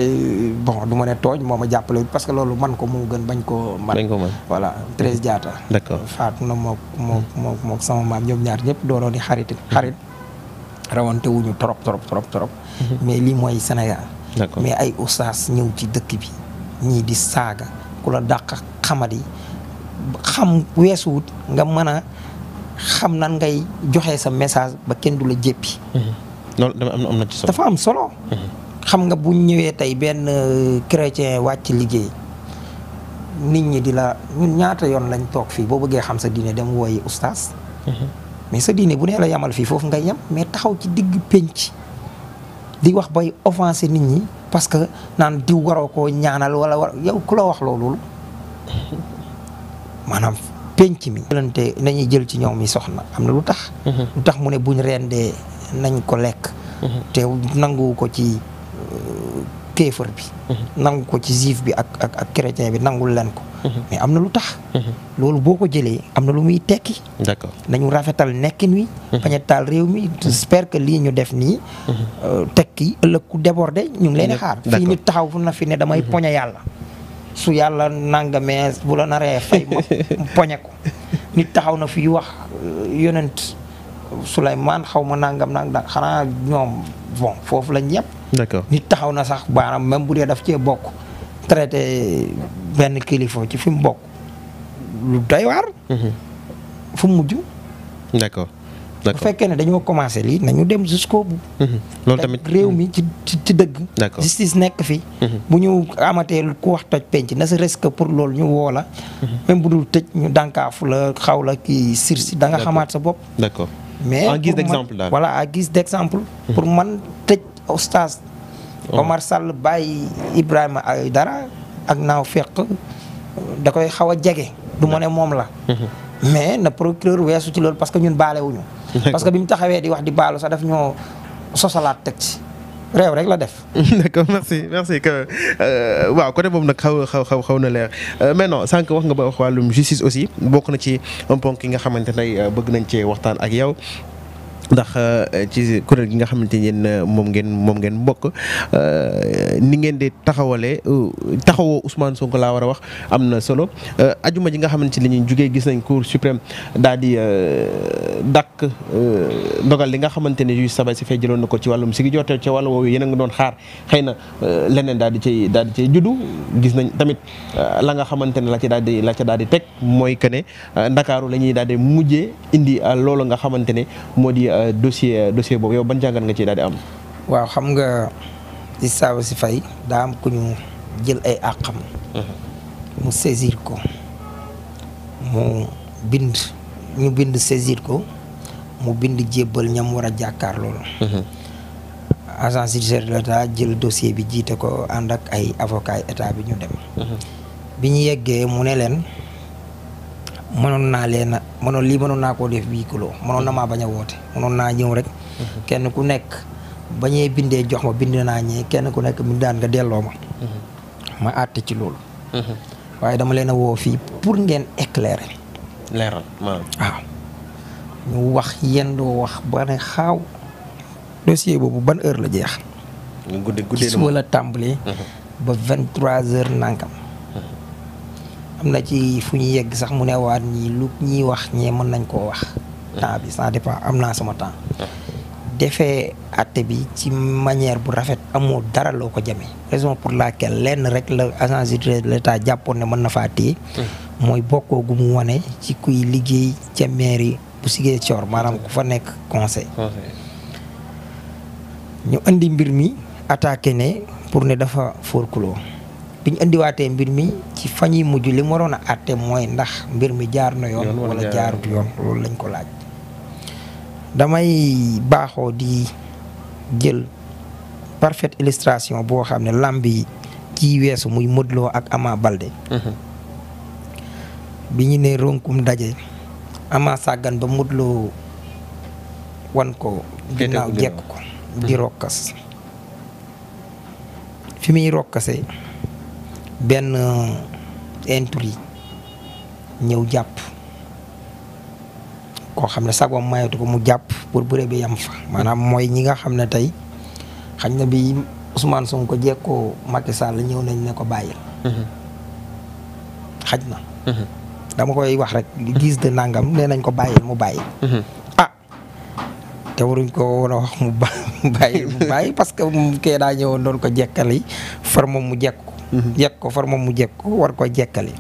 S2: bon du ma ne tooñ moo ma jàppale parce que loolu man ko moo gën bañ ko man voilà treize jaata d'accord faatu na mook mm-hmm. mook mook mook sama maam ñoom ñaar ñëpp doonoo di xarit mm-hmm. xarit rawante wuñu trop trop trop trop mais lii mooy Sénégal mais ay ustaas ñëw ci dëkk bi ñii di saaga ku la dàq xamadi xam weesuwut nga mën a xam nan ngay joxe sa message ba kenn du la jéppi.
S1: Mhm. dafa am solo. Mhm.
S2: xam nga bu ñëwee tey benn euh, chrétien wàcc liggéey nit ñi di la ñun ñaata yoon lañ toog fii boo bëggee xam sa diine dem wooyi ustaas. Mhm. mais sa diine bu nee la yamal fii foofu nga yem mais taxaw ci digg pénc di wax bay offensé nit ñi parce que naan diw waroo koo ñaanal wala war yow ku la wax loolu maanaam penc mi. jëlante nañuy jël ci ñoom mi soxna am na lu tax. Mhm. lu tax mu ne buñ rendee nañ ko lekk. Mhm. te nangu ko ci euh, kéefër bi. Mhm. nangu ko ci juif bi ak ak ak chrétien bi nangul leen ko. mais am na lu tax. loolu boo ko jëlee am na lu muy tekki. d'accord nañu rafetal nekkin wi. bañ a taal réew mi j'espère que lii ñu def nii. Euh, tekki ëllëg ku débordé ñu ngi leen xaar. fii nit taxaw na fi ne damay poña yàlla. su yàlla nangamee bu la naree fay ma poñe nit taxaw na fi wax euh, yonent Souleymane xaw ma nangam nag nag xanaa ñoom bon foofu lañ yëpp. nit taxaw na sax baaraam même bu dee daf cee bokk traité benn kilifa ci fi mu bokk lu doy waar. Mm-hmm. fu mujj. d'accord. bu fekkee ne dañoo commencé lii nañu dem jusqu'au bout. Mhm. loolu tamit mhm. mi ci ci dëgg. justice nekk fi. Mhm. bu ñu amatee ku wax toj penc na sa risque pour loolu ñu woo la. même bu dul tëj ñu dànkaafu la xaw la kii sursi da nga xamaat sa bopp.
S1: d'accord mais en guise d'exemple daal voilà
S2: en guise d'exemple. pour man tëj oustaz. Oh. Omar Sall bàyyi Ibrahima ay dara ak naaw fekk da koy xaw a jege. du ma ne moom la. mais na procureur weesu ci loolu parce que ñun baale baalewuñu parce que bi mu taxawee di wax di baalu sax daf ñoo sosalaat teg ci réew rek la
S1: def. d'accord merci merci que euh, waaw côté boobu nag xaw xaw xaw xaw na leer euh, mais non sànq wax nga ba wax wàllum justice aussi bokk na ci un ponk yi nga xamante ne euh, bëgg nañ cee waxtaan ak yow. ndax euh, ci kuréel gi nga xamante ne euh, moom ngeen moom ngeen mbokk euh, ni ngeen di taxawalee taxawoo Ousmane Sonko laa war a wax am na solo ajuma ji nga xamante ne ñuy jugee gis nañ cour suprême daal di dàq dogal li nga xamante ne juge Sabassy Faye jëloon na ko ci wàllum si gi ci wàllu woowu yéen a doon xaar xëy na leneen daal di cay daal di cay juddu gis nañ tamit la nga xamante ne la ci daal di la ca daal di teg mooy que ne Ndakaaru la ñuy daal indi loolu nga xamante ne moo di. Euh, dossier euh, dossier boobu yow ban jàngat
S2: nga ci daal am. waaw xam nga ci saabu si fay daa am ku ñu jël ay àqam. Mhm. mu saisir ko mu bind ñu bind saisir ko mu bind jébbal ñam war a jàkkaar loolu. Mhm. agence judiciaire de l'État jël dossier bi jiite ko ànd ak ay avocats état bi ñu dem. Mhm. bi ñu yeggee mu ne leen. mënoon naa leen mënoon lii mënoon naa koo def huis clos mënoon na maa bañ woote mënoon naa ñëw rek. Mhm. kenn ku nekk bañee bindee jox ma bind naa ñee kenn ku nekk mi daan nga delloo ma. Mhm. ma àtte ci loolu. Mhm. waaye dama leen a woo fii pour ngeen éclairer. leeral waaw. ñu wax yendoo wax ba ne xaw dossier boobu ban heure la jeex. ñu guddee guddee la suba la tàmbalee. ba vingt trois heures nangam. am na ci fu ñu yegg sax mu ne waat ñi lu ñuy wax ñee mën nañ koo wax. Hmm. temps am naa sama temps. Hmm. defee àtte bi ci manière bu rafet amoo dara loo ko jamee raison pour la laquelle lenn rek la agence judiciaire de l'État jàppoon ne mën na faa téye. Hmm. mooy bokkoo gu mu wane ci kuy liggéey ca mairie bu Ziguinchor maanaam ku fa nekk conseil. ñu indi mbir mi attaqué ne pour ne dafa forclos. bi ñu indiwaatee mbir mi ci fañ yi mujj li mu waroon a àtte mooy ndax mbir mi jaar na yoon. wala jaarut yoon loolu lañ ko laaj. damay baaxoo di jël parfaite illustration boo xam ne làmb yi ci weesu muy Modou ak Ama Balde. Mhm. bi ñu ne ronkum daje. Ama sàggan ba Modou wan ko. ginnaaw jekk ko mhm. di rokkas fi muy rokkase benn yi euh, ñëw jàpp koo xam ne sagoom mayatu ko mu jàpp pour bëre bi yam fa maanaam mooy ñi nga xam ne tey xañ na bi Ousmane ko jekkoo Macky Sall ñëw nañ ne ko bàyyil mhm. xaj na mhm. dama koy wax rek gis de nangam nee nañ ko bàyyil mu bàyyi mhm. ah te waruñ ko woon wax mu bàyyi mu parce que kee daa ñëwoon doon ko jekkali far moom mu jekk yegg ko far moom mu jekk ko war ko jekkali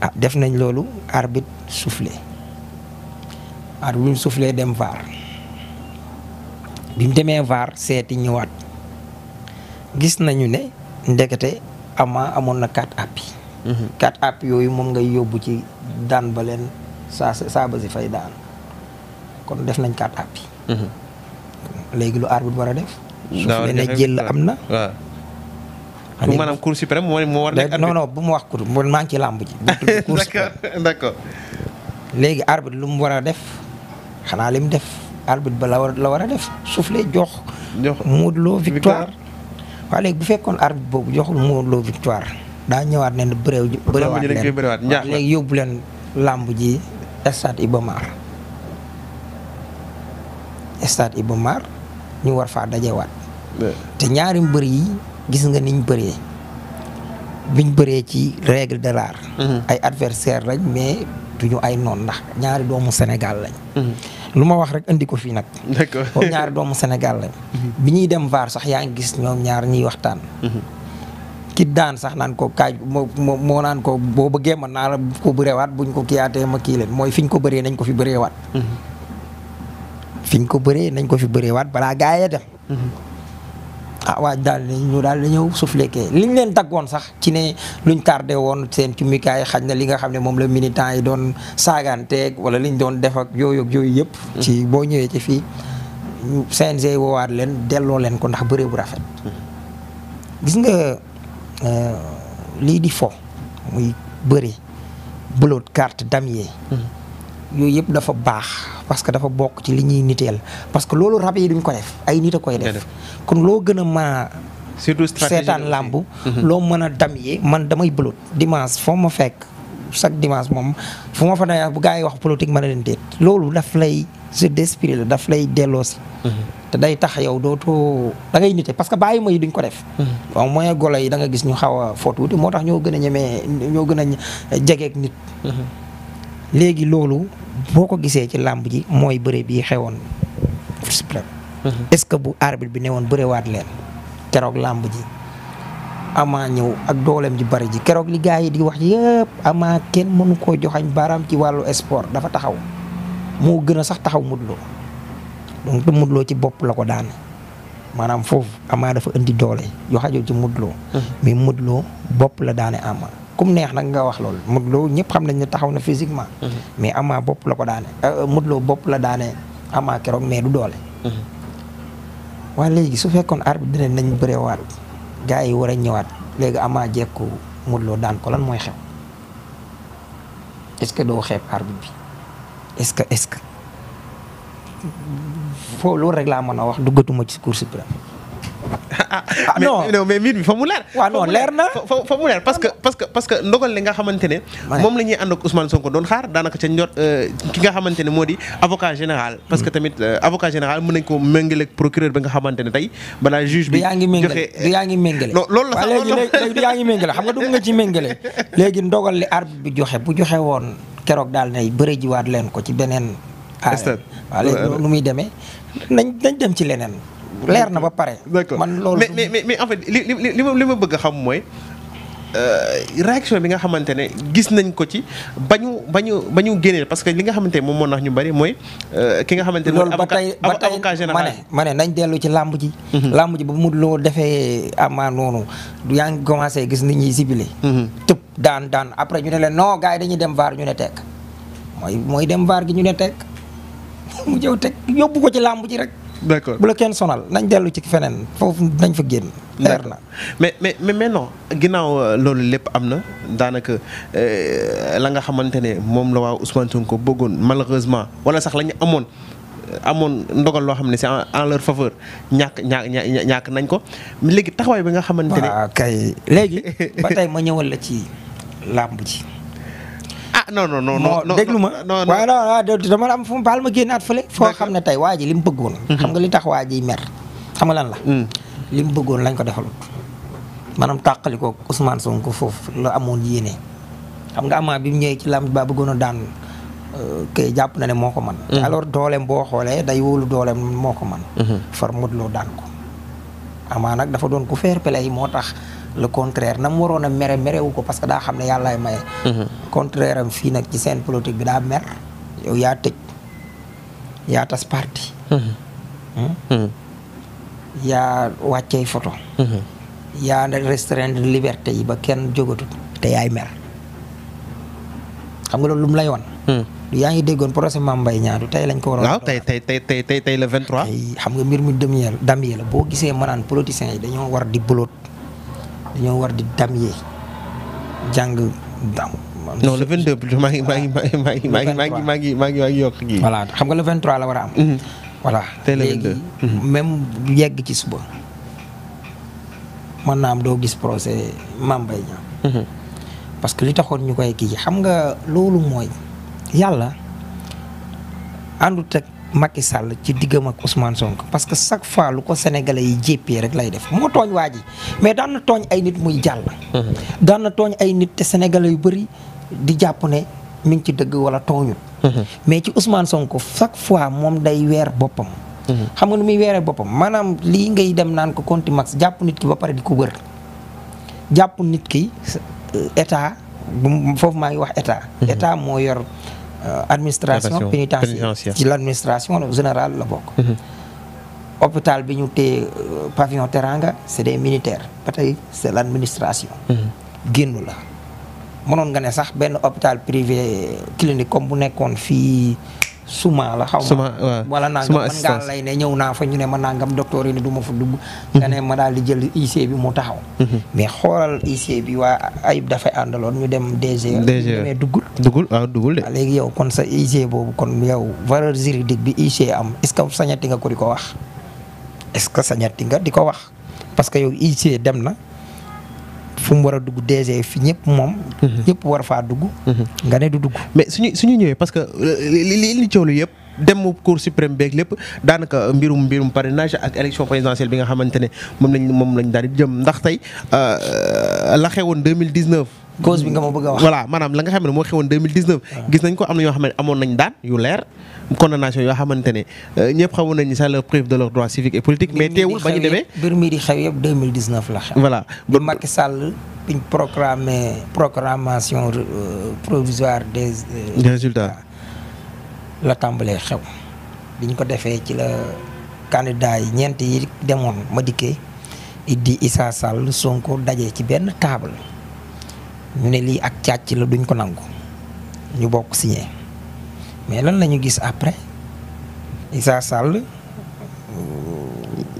S2: a ah, def nañ loolu arbitre suufle arbitre suufle dem vaar bi mu demee vaar seeti ñëwaat gis nañu ne ndekete ama amoon na quatre appuis mhm. quatre appuis yooyu moom ngay yóbbu ci daan ba leen saa saa ba si fay daan kon def nañ quatre appuis mhm. léegi lu arbitre war def soufflé ne jël am na pour maanaam cour suprême moo moo war nekk non non bu mu wax cour man maa ngi ci làmb ji. d'accord léegi arbitre lu mu war a def xanaa li mu def arbitre ba la war war a def suuf lay jox. jox Modou Lo victoire. waaye léegi bu fekkoon arbitre boobu joxul Modou Lo victoire daa ñëwaat ne bëreew bëreewaat leen waaw léegi yóbbu leen làmb ji stade Iba Mar. stade Iba Mar ñu war faa dajewaat. te ñaari mbër yi. gis nga niñ bëree biñ bëree ci règle de l'art mm-hmm. ay adversaire lañ mais duñu ay noon ndax ñaari doomu Sénégal lañ mm-hmm. lu ma wax rek indi ko fii nag d'accord ñaari doomu Sénégal lañ mm-hmm. bi ñuy dem VAR sax yaa ngi gis ñoom ñaar ñuy waxtaan ki daan sax naan ko kaaj moo moo naan ko boo bëggee mën naa ko bëreewaat buñ ko kiyaatee ma kii mooy fi ko bëree nañ ko fi bëreewaat fi ko bëree nañ balaa gaayee dem ah waaj daal di ñu daal di ñëw soufflékee liñ leen taggoon sax ci ne luñ tardé woon seen ci mikaay xaj na li nga xam ne moom la militant yi doon saagaanteeg wala liñ doon def ak yooyu yooyu yëpp ci mm-hmm. boo ñëwee ci fii CNG woowaat leen delloo leen ko ndax bëree bu rafet mm-hmm. gis nga euh, lii di fo muy bëri bëloot carte damier mm-hmm. yooyu yëpp dafa baax parce que dafa bokk ci li ñuy niteel parce que loolu rab yi duñ ko def ay nit a koy def kon loo gën a mën surtout stratégie seetaan làmb mhm. loo mën a dam yee man damay bëlot dimanche foo ma fekk chaque dimanche moom fu ma fa na bu gaa yi wax politique mën a leen déet loolu daf lay jeu d'esprit la daf lay delloosi mhm. te day tax yow dootoo da ngay nite parce que bàyyi ma yi duñ ko def waaw mhm. mooy golo yi da nga gis ñu xaw a foot moo tax ñoo gën a ñemee ñoo gën a jegeek nit léegi loolu boo ko gisee ci làmb ji mooy bëre bii xewoon suprême. Mhm. est-ce que bu arbitre bi ne woon bërewaat leen keroog làmb ji. Ama ñëw ak dooleem ji bari ji keroog li gars yi di wax yëpp Ama kenn mënu koo joxañ baaraam ci wàllu sport dafa taxaw moo gën a sax taxaw Modou Lô donc te ci bopp la ko daan maanaam foofu Ama dafa indi doole yoo xajul ci Modou mhm. mais Modou bopp la daane Ama kum neex nag nga wax loolu Modou loo ñëpp xam nañ ne taxaw na physiquement. Mhm. mais amaa bopp la ko daane euh, euh, Modou Lo bopp la daane amaa keroog mais du doole. Mhm. waa léegi su fekkoon arbitre dinañ nañ bëreewaat gars yi war a ñëwaat léegi Ama jekku Modou Lo daan ko lan mooy xew est-ce que doo xeeb arbitre bi est-ce que est-ce que foo loolu rek laa mën a wax duggatuma ci Cour suprême.
S1: ah, ah non mais mbir bi fa mu leer. waaw non leer na fa mu leer parce que parce que parce que ndogal li nga xamante ne. moom la ñuy ànd ak Ousmane Sonko doon xaar daanaka ca njot euh, ki nga xamante ne moo di avocat général. parce que tamit euh, avocat général mën nañ ko méngale ak procureur bi nga
S2: xamante ne tey balaa juge bi. joxe du yaa ngi
S1: méngale non loolu la sax léegi ngi
S2: méngale xam nga dugg nga ci méngale. léegi ndogal li arbitre bi joxe bu joxe woon keroog daal nay bëre jiwaat leen ko ci beneen. stade waaw léegi nu muy demee nañ dem ci leneen leer na ba pare. d'accord man loolu mais
S1: mais mais li li li ma bëgg a xam mooy. Euh, réaction bi nga xamante ne gis nañ ko ci bañu bañu bañu génneel parce que li nga xamante ne moom moo nax ñu bari mooy euh, ki nga xamante ne loolu ba tey ba tey
S2: ma ne nañ dellu ci làmb ji mhm. làmb ji ba mu loo defee ama noonu yaa ngi commencé gis nit ñi sibile mhm. tëb daan daan après ñu ne leen non gars yi dañuy dem vaar ñu ne tekk mooy mooy dem vaar gi ñu ne tekk mu jëw teg yóbbu ko ci làmb ji rek d'accord bu la kenn sonal nañ dellu ci feneen foofu nañ fa génn. leer na mais mais mais non ginnaaw
S1: euh, loolu lépp am na daanaka euh, la nga xamante ne moom la waa Ousmane ko bëggoon malheureusement wala sax lañu amoon. Euh, amoon ndogal loo xam ne c'est en leur faveur ñàkk ñàkk nañ ko léegi taxawaay bi nga xamante ne. waaw kay léegi ba tey
S2: ma ñëwal la ci làmb ji. non non non non déglu ma waaw non dama am fu mu baal ma génnaat fële foo xam ne tey waa ji li mu bëggoon mhm. xam nga li tax waa ji mer xam nga lan la mm. li mu bëggoon lañ ko defalut maanaam tàqali ko Ousmane Sonko foofu la amoon yéene xam nga amaa bi mu ñëwee ci lam ba bëggoon a daan euh, kay jàpp na ne moo ko man mm. alors dooleem boo xoolee day wóolu dooleem moo ko man mm-hmm. far Modou Lo daan ko amaa nag dafa doon ku fair play moo tax le contraire na mu waroon a mere merewu ko parce que daa xam ne yàllaay maye. Mhm. contraire fii nag ci seen politique bi daa mer yow yaa tëj yaa tas parti. Mhm. Hmm? Mhm. yaa wàccee photo. yaa restreindre liberté yi ba kenn jógatut te yaay mer. xam nga loolu lu mu lay yoon yaa ngi déggoon procès Mame Mbaye Niang du tey lañ ko waroon. waaw
S1: tey tey tey tey tey tey le xam
S2: nga mbir mu dem la dam la boo gisee ma naan politiciens yi dañoo war di bulóot. dañoo war di damyee jàng dam non le 22 plutôt maa ngi maa ngi maa ngi maa yokk gi voilà xam nga le 23 la war a am. Mhm. voilà tey le léegi mhm. même yegg ci suba. mën naa am doo gis procès Mame Mbaye Niang mhm. parce que li taxoon ñu koy kii xam nga loolu mooy yàlla àndut ak Macky sàll ci diggam ak Ousmane Sonko parce que chaque fois lu ko sénégalais yi jéppee rek lay def moo tooñ waa ji mais daan na tooñ ay nit muy jàll. Mhm. daan na tooñ ay nit te sénégalais yu bëri di jàpp ne mi ngi ci dëgg wala tooñul. Mhm. mais ci Ousmane Sonko chaque fois moom day weer boppam. Mhm. xam nga nu muy weeree boppam maanaam lii ngay dem naan ko contumax jàpp nit ki ba pare di ko wër jàpp nit ki euh, état foofu maa ngi wax état. état moo yor. Euh, administration pénitentiaire ci l'administration générale la bokk mhm. hôpital bi ñu téye euh, pavillon Teranga c'est des militaires ba tey c'est l'administration mhm. génn la mënoon nga ne sax benn hôpital privé clinique comme bu nekkoon fii suma la xaw ma wala nangam man ngaa lay ne ñëw naa fa ñu ne ma nangam docteur yi ne du ma fa dugg nga ne ma daal di jël IC bi mu taxaw mhm. mais xoolal IC bi waa ayib dafay àndaloon ñu dem DG mais duggul duggul duggul de léegi yow kon sa IC boobu kon yow valeur juridique bi IC am est ce que nga ko di ko wax est ce que sañati nga di ko wax parce que yow dem na fu mu war a dugg DG fi ñëpp moom. Mhm. ñëpp war faa dugg. Mhm. nga ne du dugg. mais suñu suñu ñëwee parce que
S1: euh, li li li coow lu yëpp. dem cour suprême beeg lépp daanaka mbirum mbirum parrainage ak élection présidentielle bi nga xamante ne moom lañ moom lañ daal di jëm ndax tey euh, la xewoon 2019 cause bi nga ma bëgg a wax. voilà maanaam la nga xam moo xewoon 2019. Ah. gis nañ ko am na ñoo nañ daan yu leer condamnation yoo xamante ne euh, ñëpp xamoon nañ ni ça leur de leurs droits civiques et politiques.
S2: mais teewul ba ñu demee mbir mi di xew yëpp la xew. voilà ba euh, des. Euh, des résultats la tàmbalee xew. biñ ko defee ci la candidat yi ñeent yi demoon ma dikkee Idi Issa Sall Sonko dajee ci benn table. ñu ne lii ak càcc la duñ ko nangu ñu bokk signé mais lan lañu gis après Issa Sall.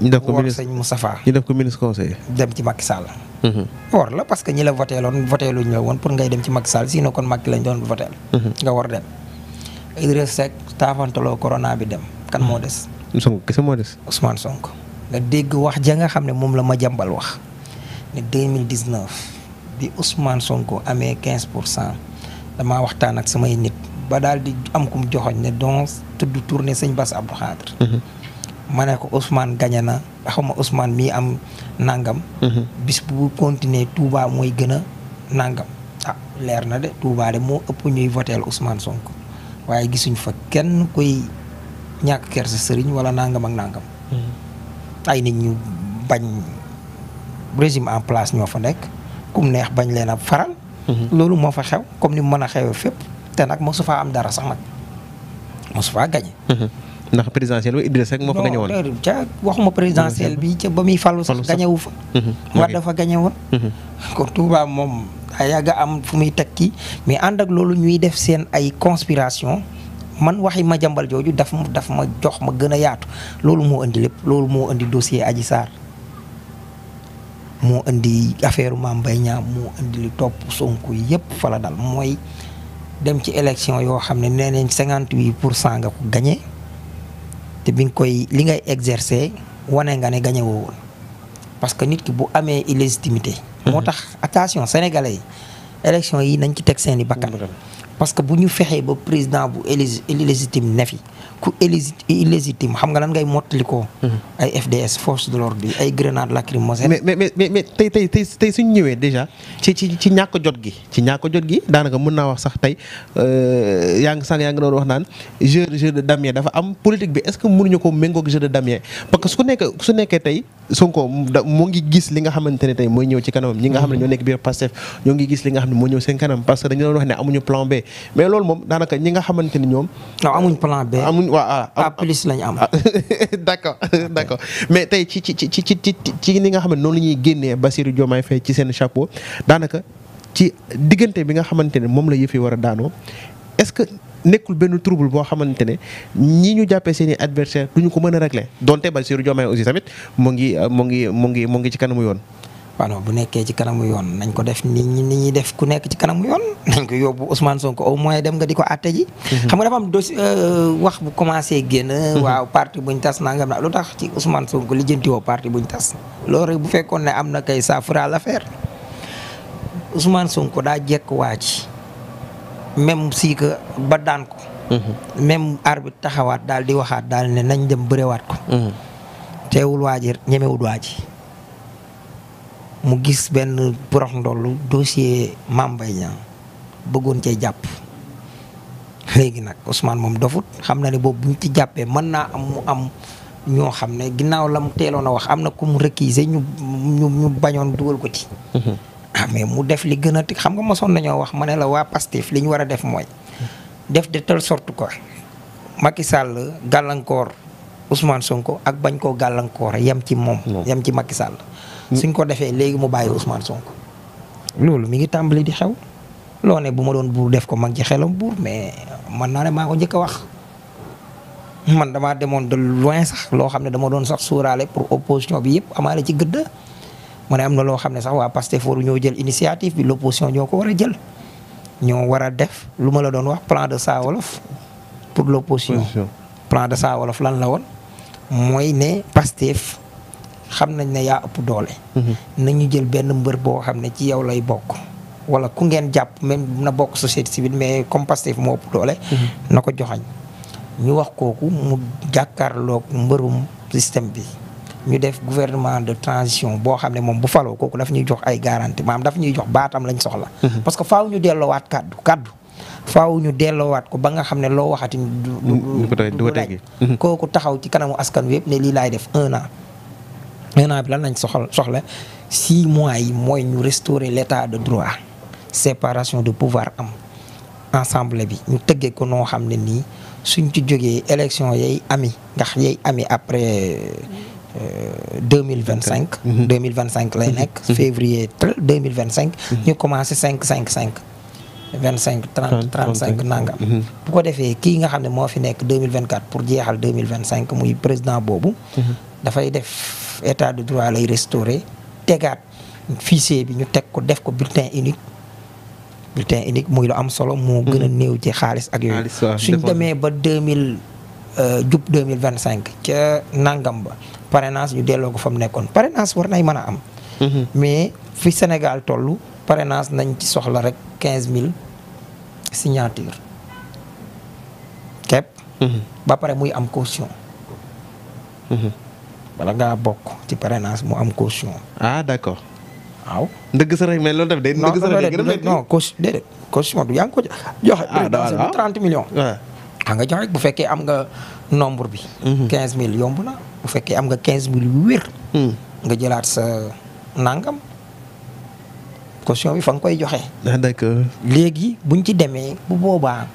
S1: ñu def ko ministre sëñ Moustapha ñu def ko ministre conseiller.
S2: dem ci Macky Sall. Mhm. war la parce que ñi la voté loon voté la woon pour ngay dem ci Macky Sall sinon kon Macky lañ doon voté. Mhm. nga war dem. Idrissa Seck taafantaloo corona bi dem kan moo des. Sonko kese moo des. Ousmane nga dégg wax ja nga xam ne moom la ma jàmbal wax ne bi Ousmane Sonko amee 15 pour cent damaa waxtaan ak samay nit ba dal di am kum joxoñ ne donc tudd tournée sëñ Bass Abdou Khadre. Mhm. ma ne ko Ousmane gañe na xaw ma Ousmane mii am nangam. Mhm. bis bu continuer Touba mooy gën a nangam. ah leer na de Touba de moo ëpp ñuy voteel Ousmane Sonko waaye gisuñ fa kenn koy ñàkk kersa sëriñ wala nàngam ak nangam. Mhm. ay nit ñu bañ régime en place ñoo fa nekk. kum neex bañ leen a faral. Mhm. loolu moo fa xew comme ni mu mën a xewee fépp te nag su faa am dara sax nag
S1: mosu faa gañe. Mhm. ndax présidentiel ba Idriss rek moo fa gañe woon.
S2: ca waxuma présidentiel bi ca ba muy falu sax gañewu fa.
S4: Mhm.
S1: war
S2: dafa gañe woon. kon Touba moom a yàgg am fu muy kii mais ànd ak loolu ñuy def seen ay conspiration man waxi ma jàmbal jooju daf ma daf ma jox ma gën a yaatu loolu moo indi lépp loolu moo indi dossier aji Sarr. moo indi affaire Mame Mbaye Niang moo indi lu topp Sonko yëpp fala la dal mooy dem ci élection yoo xam ne nee nañ cinquante huit pour cent nga ko gañe te bi nga koy li ngay exercer wane nga ne gañe woo parce que nit ki bu amee illégitimité. moo mhm. tax attention sénégalais yi élection yi nañ ci teg seeni bakkan parce que bu ñu fexee ba président bu illégitime ne fi ku illégitime xam nga lan ngay mottali ko hmm. ay FDS force de l'ordre bi ay grenade lacrymogène
S1: mais mais tey tey tey ñëwee déjà ci ñàkk jot gi daanaka mën naa wax sax tey euh, yaa ngi sànq yaa ngi doon wax naan jeu jeu de damier dafa am politique bi est-ce que mënuñu ko méngoog jeu de damier parce su nekkee tey Sonko moo ngi gis li nga xamante ne tey mooy ñëw ci kanamam ñi nga xam ne ñoo ñoo ngi gis li nga xam ne moo ñëw seen kanam parce que dañu doon waaw ah, ah, ah plus lañ am. Ah, d'accord d'accord mais tey ci ci ci ci ci ci li nga xam ne noonu la ñuy génnee Bassirou Diomaye Faye ci seen chapeau daanaka ci diggante bi nga xamante ne moom la yëf yi war a daanoo est-ce que nekkul benn trouble boo xamante ne ñi ñu jàppee seen i adversaire du ñu ko mën a régler donte Bassirou Diomaye aussi tamit
S2: mu ngi mu ngi mu ngi mu ngi ci kanamu yoon. waaw bu nekkee ci kanamu yoon nañ ko def ni ñi ni ñuy def ku nekk ci kanamu yoon nañ yóbbu Ousmane Sonko au moins dem nga di ko àtte ji. Mhm. xam nga dafa euh, wax bu commencé génn. Mhm. waaw parti buñ tas nangam lu tax ci Ousmane Sonko lijjanti woo parti buñ tas. loolu rek bu fekkoon ne am na kay saafara l'affaire Ousmane Sonko daa jekk waa ji même si ba daan ko. Mhm. même arbitre taxawaat daal di waxaat daal ne nañ dem bërewaat ko. teewul waa ji ñemewul ji mu gis benn porox ndollu dossier Mame bëggoon cee jàpp léegi nag Ousmane moom dofut xam na ne boobu bu ci jàppee mën naa am mu am ñoo xam ne ginnaaw la mu teeloon a wax am na ku mu ñu ñu bañoon dugal ko ci. Mhm. ah mu def li gën a xam nga mosoon nañoo wax ma ne la waa pastif li ñu war a def mooy. def de telle sorte que Macky Sall gàllankoor Ousmane Sonko ak bañ koo gàllankoor yam ci moom. yam ci Macky Sall. suñ ko defee léegi mu bàyyi Ousmane Sonko loolu mi ngi tàmbali di xew loo ne bu ma doon buur def ko mag ci xelam buur mais man naa ne maa ko njëkk a wax man damaa demoon de loin sax loo xam ne dama doon sax suuraale pour opposition bi yëpp la ci gëdd ma ne am na loo xam ne sax waa Pastef waru ñoo jël initiative bi l'opposition ñoo ko war a jël ñoo war a def lu ma la doon wax plan de Saa Wolof pour l'opposition plan de Saa Wolof lan la woon mooy xam nañ ne yaa ëpp doole. Mhm. nañu jël benn mbër boo xam ne ci yow lay bokk. wala ku ngeen jàpp même na bokk société civile mais comme Pastef ëpp doole. Mhm. na ko joxañ ñu wax kooku mu jàkkaarloog mbërum système bi. ñu def gouvernement de transition boo xam ne moom bu faloo kooku daf ñuy jox ay garantie maanaam daf ñuy jox baatam lañ soxla. Mhm. parce que faaw ñu delloowaat kàddu kàddu. faaw ñu delloowaat ko ba nga xam ne loo waxati. du du du kooku taxaw ci kanamu askan wi ne lii laay def un un an bi lan lañ soxla soxla mois yi mooy ñu restaurer l'état de droit séparation de pouvoir am ensemble bi ñu tëggee ko noo xam ne nii suñ ci jógee élection yay ami ndax yay ami après euh, deux mille vingt cinq. Mhm. deux mille vingt cinq lay mhm. nekk. Mhm. février deux mille vingt cinq. ñu commencé cinq cinq cinq. vingt cinq trente trente cinq nangam. bu ko defee kii nga xam ne moo fi nekk deux mille vingt quatre pour jeexal deux mille vingt cinq muy président boobu. dafay def. def état de droit lay restauré tegaat fichier bi ñu teg ko def ko bulletin unique bulletin unique muy lu am solo moo mm-hmm. gën a néew ci xaalis ak yooyu suñ demee ba 2000 euh, jub 2025 ca nangam ba parrainage ñu delloo ko fa mu nekkoon parrainage war nay mën a am mm-hmm. mais fi Sénégal toll parrainage nañ ci soxla rek 15000 signature képp mm-hmm. ba pare muy am caution bala ngaa bokk ci parrainage mu am caution.
S1: ah d'accord. waaw ndëgg mais loolu tamit day. ndëgg sa rek rek non
S2: caution du yaa ko joxe. ah daal waaw nga joxe bu fekkee am nga nombre bi. 15000 mhm. yomb na bu fekkee am nga 15000 yu wér. Hmm. nga jëlaat sa nangam. costion bi fa nga koy joxe. Ah, léegi buñ ci demee bu boobaa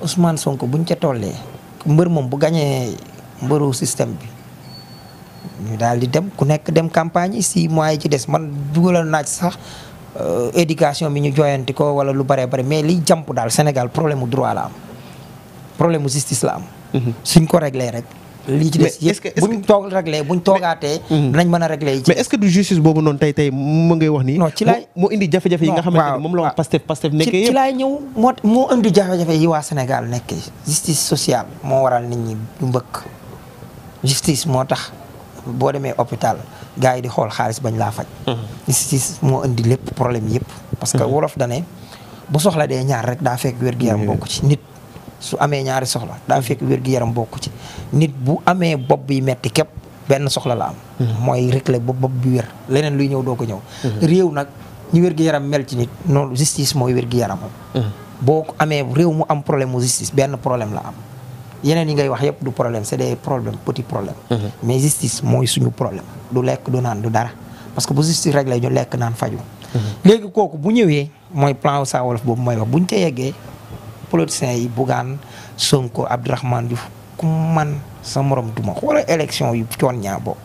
S2: Ousmane Sonko buñ ca tollee mbër moom bu gañee mbëru système bi. ñu daal di dem ku nekk dem campagne yi six mois yi ci des man dugalal naaj sax euh, éducation bi ñu jooyanti ko wala lu bare bare mais liy jàmp daal Sénégal problème mu droit la am problème mu justice la am. Mhm. suñ ko reglee rek. lii ci des yëpp buñ toog réglé buñ toogaatee. Mhm. nañ man a réglé yi ci mais
S1: est-ce que du justice boobu noonu tey tey mu ngay wax nii. non ci laay moo indi jafe-jafe yi nga
S2: xamante ni moom la wax Pastef Pastef nekkee ci laay moo indi jafe-jafe waa Sénégal nekkee justice sociale moo waral nit ñi du mbëkk justice moo tax. boo demee hôpital gars yi di xool xaalis bañ laa faj. justice mm-hmm. moo indi lépp problème yëpp. parce que mm-hmm. wolof da ne bu soxla dee ñaar rek daa fekk wér gu yaram bokk ci nit. su ñaari soxla daa fekk wér gu yaram ci nit bu amee bopp bi metti képp benn soxla la am. Mm-hmm. mooy réglé ba bopp bi wér leneen luy ñëw doo ko ñëw. réew nag ñu wér gu yaram mel ci nit noonu justice mooy wér gu yaramam. boo amee réew mu am problème mu justice benn problème la am. yeneen yi ngay wax yëpp du problème c'est des problème petits problèmes. Mhm. mais justice mooy suñu problème du lekk du naan du dara parce que bu justice rek ñu lekk naan faju mhm. léegi kooku bu ñëwee mooy plan Saa Wolof boobu mooy wax buñ ca yeggee politiciens yi Bougane Sonko Abdourahmane Diouf ku man sa morom duma wala élection yu coon ñaa bokk.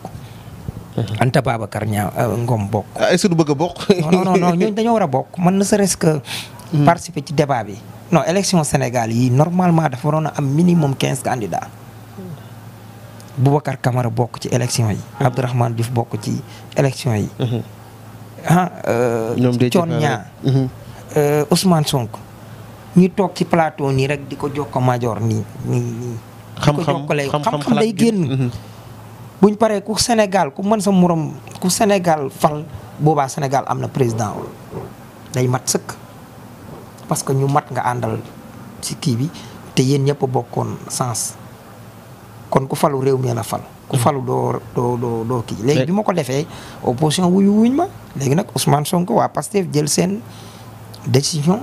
S2: Mhm. Anta Babacar ñaa euh, Ngom bokk. Ah, est-ce du bëgg bokk. non non ñooñu dañoo war a bokk man na sa resque que hmm. participer ci débat bi. non élection Sénégal yi normalement dafa waroon a am minimum quinze candidats Boubacar Camara bokk ci élection yi. Abdourahmane Diouf bokk ci élection yi. ah. Euh, ñoom day euh, Ousmane Sonko. ñu toog ci plateau nii rek di ko jokko major nii nii nii. xam-xam xam-xam lay génn. buñ paree ku Sénégal ku mën sa morom ku Sénégal fal boobaa Sénégal am na président day mat sëkk. parce que ñu mat nga àndal ci kii bi te yéen ñëpp bokkoon sens kon ku falu réew mi la fal. ku mm-hmm. falu doo doo doo kii. léegi bi ma ko defee opposition wuyu wuñ ma léegi nag Ousmane Sonko waa Pastef jël seen décision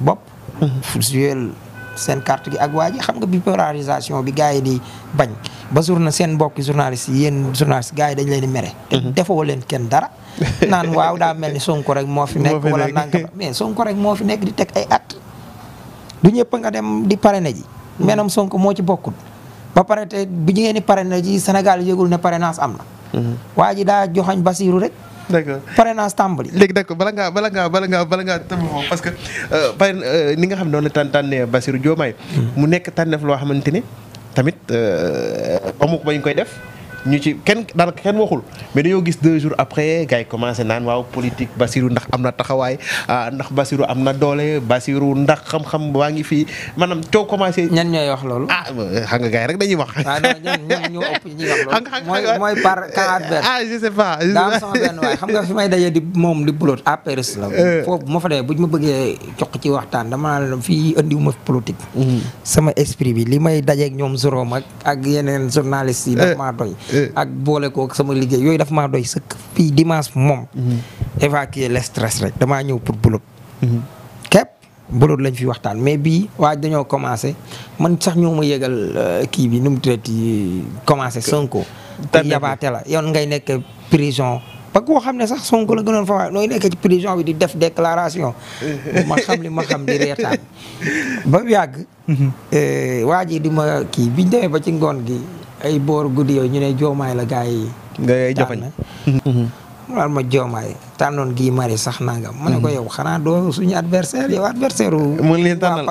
S2: bopp. Mm-hmm. seen carte gi ak waa ji xam nga bi bipolarisation bi gars yi di bañ ba journa seen mbokki journaliste yéen journaliste gars yi dañ leen di mere. te mm-hmm. defoo leen kenn dara. naan waaw daa mel ni Sonko rek moo fi nekk wala mais Sonko rek moo fi nekk di teg ay at du ñëpp nga dem di pare parrainer ji menam mm. Sonko moo ci bokkut ba pare te bi ñu ngeen di parrainer ji Sénégal yëgul ne parrainage am na mm-hmm. waa ji daa joxañ Basiru rek d' accord parrainage
S1: léegi d' accord bala ngaa bala ngaa bala ngaa bala parce que euh, pare euh, ni nga xam noonu la tànn tànnee Bassirou mm. mu nekk tànneef loo xamante ni tamit euh, ba mu bañ koy def. ñu ci kenn daanaka kenn waxul mais dañoo gis deux jours après gars yi commencé naan waaw politique Basirou ndax am na taxawaay ah, ndax Basirou am na doole Basirou ndax xam-xam waa ngi fii maanaam coow commencé. ñan ñooy wax loolu.
S2: Ah, xam nga gars rek dañuy wax. waaw ah, ñun ñoo ëpp ñuy wax par cas adverse. ah xam nga fi may dajee di moom di bulot APRS la. Euh. foofu ma fa demee bu ma bëggee jox ci waxtaan dama la fii andiwuma fi politique. Mhm. sama esprit bi li may dajeek ñoom Zorom ak ak yeneen journalistes yi daf euh. maa doy Eh. ak boole ko sama liggéey yooyu dafa ma doy sëkk fii dimanche moom. Mhm. évacuer le stress rek damaa ñëw pour boulot. Mhm. képp boulot lañ fi waxtaan mais bii waa dañoo commencé man sax ñoo ma yëgal euh, kii bi nu mu tuddati commencé Sonko. yabaate la yoon ngay nekk prison. ba koo xam ne sax Sonko la gënoon fa waaye nooy nekk prison bi di def déclaration.
S4: ma xam li ma xam di reetaan
S2: ba yàgg. Mhm. Euh, waa ji di ma kii biñ demee ba ci ngoon gi. ay boor guddi yooyu ñu ne joomaay la gaa yi. ngay na
S4: mu
S2: daal ma joomaay tànnoon gii mari sax nangam. mu ne ko mhm. yow xanaa doo suñu adversaire yow adversaire wu. mu ah,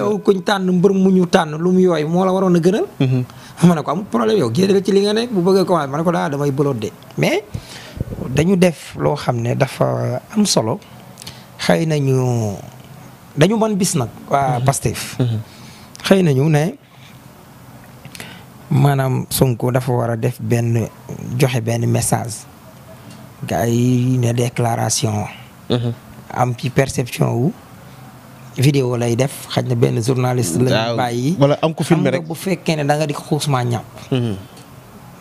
S2: yow kuñ tànn mbër mu ñu tànn lu mu yooyu moo la waroon a gënal. ma mhm. ne ko amul problème yow génn ci li nga ne bu bëggee commencé ma ne ko daa damay bëloot de mais dañu def loo xam ne dafa am solo xëy nañu dañu man bis nag. waa mhm. Pastef. na nañu ne. maanaam Sonko dafa war a def benn joxe benn message gars yi ne déclaration. Mhm. am ci perception wu. vidéo lay def xaj na benn journaliste. lañu bàyyi wala am ku filmé rek bu fekkee ne da nga di ko xuusmaa ñàpp. Mhm.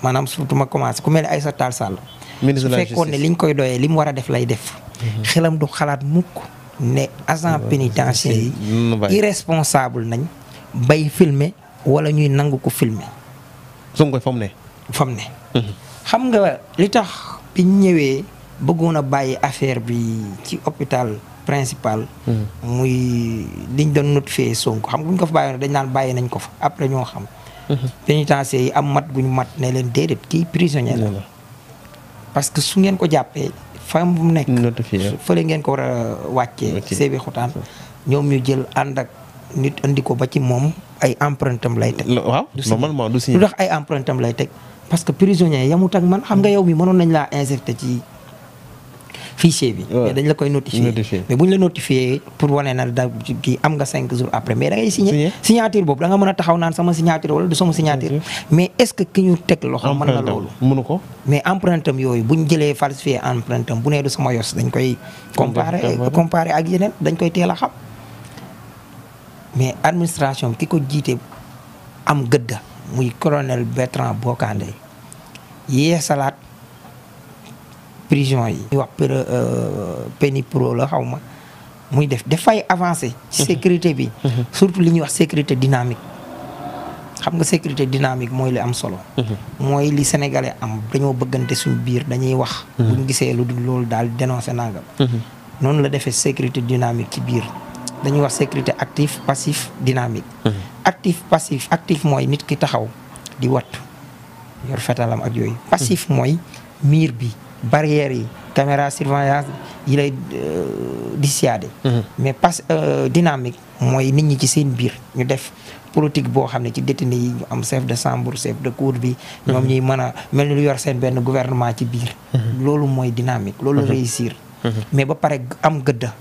S2: maanaam surtout ma commencé ku mel ne Aïssata Tall Sall. ministre de la justice fekkoon ne liñ koy doyee li mu war a def lay def. Mhm. xelam du xalaat mukk ne agent pénitentiaire yi. irresponsable nañ bay filme wala ñuy nangu ko filmer Sonko fa mu ne. fa ne. Mhm. xam nga li tax biñ ñëwee bëggoon a bàyyi affaire bi ci hôpital principal. Mhm. muy liñ doon notifié Sonko xam nga buñ ko fa bàyyi dañ naan bàyyi nañ ko fa après ñoo xam. pénitencier mhm. yi am mat guñ mat ne leen déedéet kii prisonnier la. parce que su ngeen ko jàppee fa mu nekk. notifié fële ngeen ko war a wàccee. seebi xutaan ñoom ñu jël ànd ak. nit andi ko ba ci moom ay empreinte am lay teg. waaw normalement du ay empreinte am lay teg. parce que prisonnier yamut ak man xam nga yow mi mënoon nañ laa injecté ci fichier bi. mais dañ la koy notifié mais bu ñu la notifié na da kii après mais da ngay signé. signature boobu da mën a taxaw naan sama signature wala du sama signature. mais est ce que ki ñu teg loxo. mën na loolu mais empreinte yooyu bu ñu jëlee falsifié empreinte am bu nee du sama yos dañ koy. comparé comparé ak yeneen dañ koy teel a xam. mais administration ki ko jiitee am gëdda muy colonel Bertrand Bokandé yee salaat prison yi. ñuy wax euh, peni pro la xaw ma muy def dafay avancé. ci mhm. sécurité bi. Mhm. surtout li ñuy wax sécurité dynamique. xam nga sécurité dynamique mooy li am solo. Mhm. mooy li sénégalais am dañoo bëggante suñu biir dañuy wax. buñ gisee lu dul loolu daal dénoncé nangam. noonu la defee sécurité dynamique ci biir. dañuy wax sécurité actif passif dynamique. Mm-hmm. actif passif actif mooy nit ki taxaw di wat yor fetalam ak yooyu. passif mm-hmm. mooy miir bi barrière yi caméra surveillance yi lay euh, dissuader. Mm-hmm. mais pass euh, dynamique mooy nit ñi ci seen biir ñu def. politique boo xam ne ci détenu yi ñu am chef de chambre chef de cour bi ñoom ñuy mën a mel ni lu yor seen benn gouvernement ci biir loolu mooy dynamique loolu réussir mais ba pare am gëdda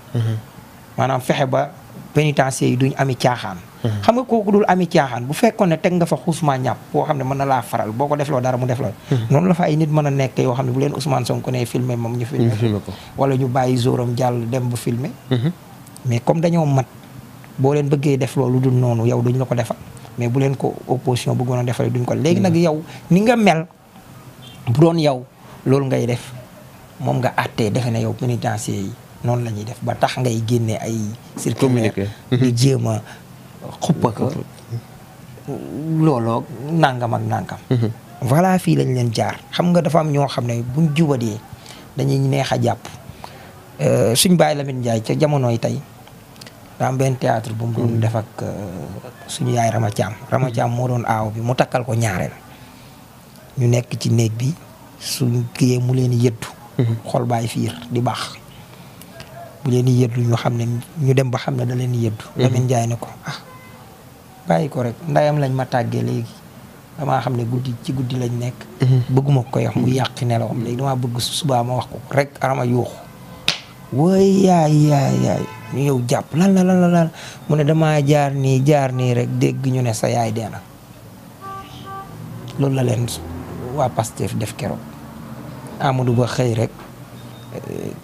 S2: maanaam fexe ba pénitencier yi duñ ami caaxaan xam nga kooku dul ami caaxaan bu fekkoon ne teg nga fa Ousmane ñàpp boo xam ne mën na laa faral boo ko defloo dara mu def la hmm. noonu la ay nit mën a nekk yoo xam ne bu leen Ousmane Sonko ne filmé moom ñu filmé ko wala ñu bàyyi zoram jàll dem ba filmé hmm. mais comme dañoo mat boo leen bëggee def loolu dul noonu yow duñ la ko defal mais bu leen ko opposition bëggoon a defal duñ ko léegi nag hmm. yow ni nga mel bu doon yow loolu ngay def moom nga àttee defe na yow pénitencier yi noonu la ñuy def ba tax ngay génne ay circulaire di jéema a xuppa ko looloo nàngam ak nàngam mm-hmm. voilà fii lañ leen jaar xam nga dafa am ñoo xam ne buñ jubadee dañuy neex a jàpp euh, suñ bàyyi Lamine Ndiaye ca jamonoy tey daa am benn théâtre bu mu doon mm-hmm. def ak euh, suñu yaay Rama Thiam Rama mm-hmm. Thiam moo doon aaw bi mu takkal ko ñaareel ñu nekk ci néeg bi suñ kiyee mu leen yëddu xol baay fiir di baax bu leen di yëddu ñu xam ne ñu dem ba xam ne da leen di yëddu mhm. Lamine Ndiaye ne ko ah bàyyi ko rek ndayam lañ ma tàggee léegi damaa xam ne guddi ci guddi lañ nekk mhm. bëgguma koy wax mu mhm. yàqi nelawam léegi damaa bëgg subaa ma wax ko rek arama yuuxu wooy yaay yaay ñu ñëw jàpp lan la lan mu ne damaa jaar nii jaar nii rek dégg ñu ne sa yaay dee na loolu la leen waa Pastef def keroog Amadou Ba xëy rek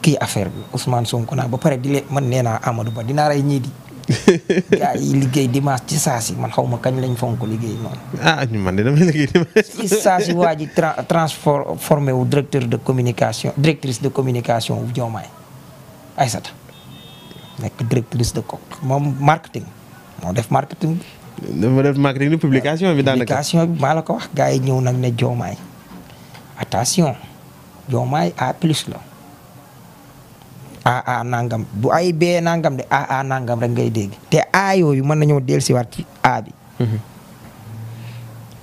S2: kii affaire bi Ousmane Sonko naa ba pare di leen man nee naa Amadou Ba dinaa rey ñii di. gaa yi liggéey dimanche ci saa si man xaw ma kañ lañ fonk liggéey noonu. ah ñu man de damay liggéey dimanche. ci saa si waa ji wu directeur de communication directrice de communication wu Diomaye Aïssata nekk directrice de com moom marketing moo def marketing.
S1: dafa def marketing publication bi. daanaka publication
S2: bi maa la ko wax. gaa yi ñëw nag ne Diomaye attention Diomaye A plus la. aa nangam bu ay bee nangam de aa nangam rek ngay dégg te aa yooyu mën nañoo dellusiwaat ci aa bi. Mhm.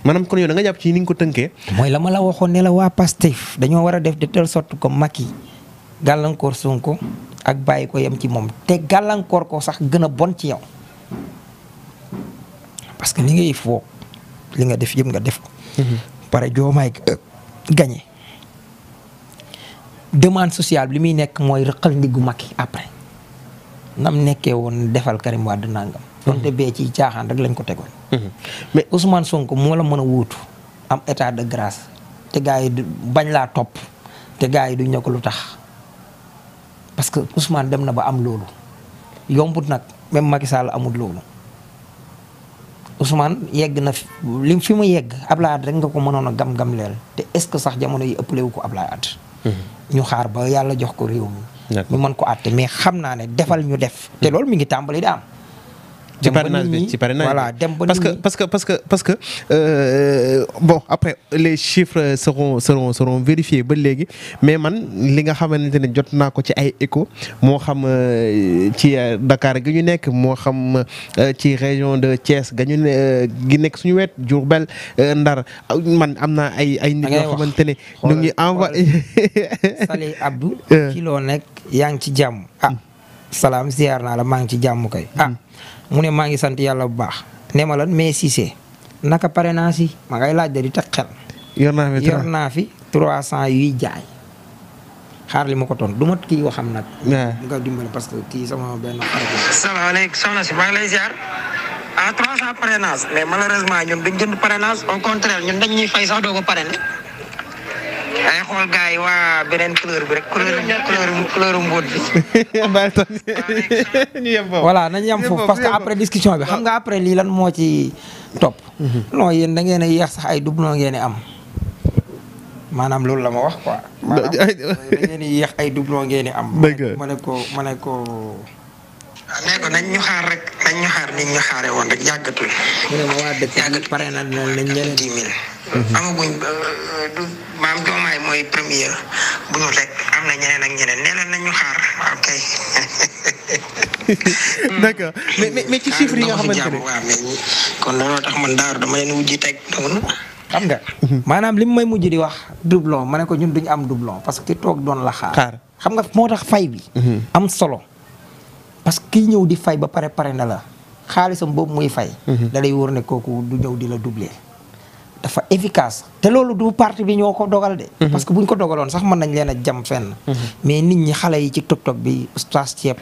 S2: maanaam kon yow da nga jàpp ci ni nga ko tënkee. mooy la ma la waxoon ne la waa Pastef dañoo war a def de telle ko que Macky gàllankoor Sonko ak bàyyi ko yem ci moom te gàllankoor ko sax gën a bon ci yow parce que ni ngay foog li nga def yëpp nga def ko. Mhm. pare joomaay euh, gañe demande sociale bi muy nekk mooy rëqal ndiggu Macky après nam nekkee woon defal Karim Wade nangam. donte mhm. bee ci caaxaan rek lañ ko tegoon. Mhm. mais Ousmane Sonko moo la mën a wuutu am état de grâce te gars yi du bañ laa topp te gars yi du ñëw ko lu tax parce que Ousmane dem na ba am loolu yombut nag même Macky Sall amut loolu. Ousmane yegg na lim fi mu yegg Ablaye Wade rek nga ko mënoon a gam-gam leel te est-ce que sax jamono yi ëppale wu ko Ablaye Wade ñu xaar ba yàlla jox ko réew mi. ñu mën ko àtte mais xam naa ne defal ñu def. te hmm. loolu mi ngi tàmbali di am. ci naa bi ci parrainage voilà dem ba parce
S1: parce que parce que parce que euh, bon après les chiffres seront seront seront vérifiés ba léegi mais man li nga xamante ne jot naa ko ci ay écho moo xam euh, ci euh, Dakar gi ñu nekk moo xam euh, ci région de Thiès ga ñu ne nekk suñu wet Diourbel Ndar man am naa ay ay nit yoo xamante ne ngi
S2: envoyé Salih Abdou ci nekk yaa ngi ci jàmm ah salaam ziar naa la maa ngi ci jàmm kay ah, mu ne maa ngi sant yàlla bu baax ne ma lan mais Cissé naka pare naa si ma ngay laaj da di teg xel. yor naa fi yor naa fi 300 yuy jaay. xaar li ma ko toon du ma kii waxam nag. nga dimbali parce que kii sama benn xarit. salaamaaleykum soxna si maa ngi lay a ah 300 parrainage mais malheureusement ñun duñ jënd parrainage au contraire ñun dañ ñuy fay sax doo ko ay xool gars yi waa beneen couleur bi rek couleur couleur couleur mbóot bi. ñu yem foofu voilà nañu parce que après discussion bi xam nga après lii lan moo ci topp. Mhm. non yéen da ngeen a yéex sax ay doublon ngeen am. maanaam loolu la ma wax ngeen yéex ay doublon ngeen am. dëgg ma ne ko ma ne ko. Ah, ne ko nañ ñu xaar rek nañ ñu xaar ni ñu xaaree woon rek yàggatul. mu ne ma pare na nañ leen dix Mhm. amaguñ du maam Diomaye mooy premier bu ñu rek am na ñeneen ak ñeneen nee nañ ñu xaar waaw kay. d'accord mais ci chiffre nga man daaru dama teg xam nga. Mhm. maanaam li mu may mujj di wax doublon ma ne ko ñun duñu am doublon parce que toog doon la xaar. xam nga moo tax fay bi. Mhm. am solo parce que kii ñëw di fay ba pare pare na la xaalisam boobu muy fay. da lay wóor ne kooku du ñëw di la doubler. dafa efficace te loolu du parti bi ñoo ko dogal de. Mhm. parce que buñ ko dogaloon sax mën nañ leen a jam fenn. Mhm. mais nit ñi xale yi ci top top bi oustaz ceeb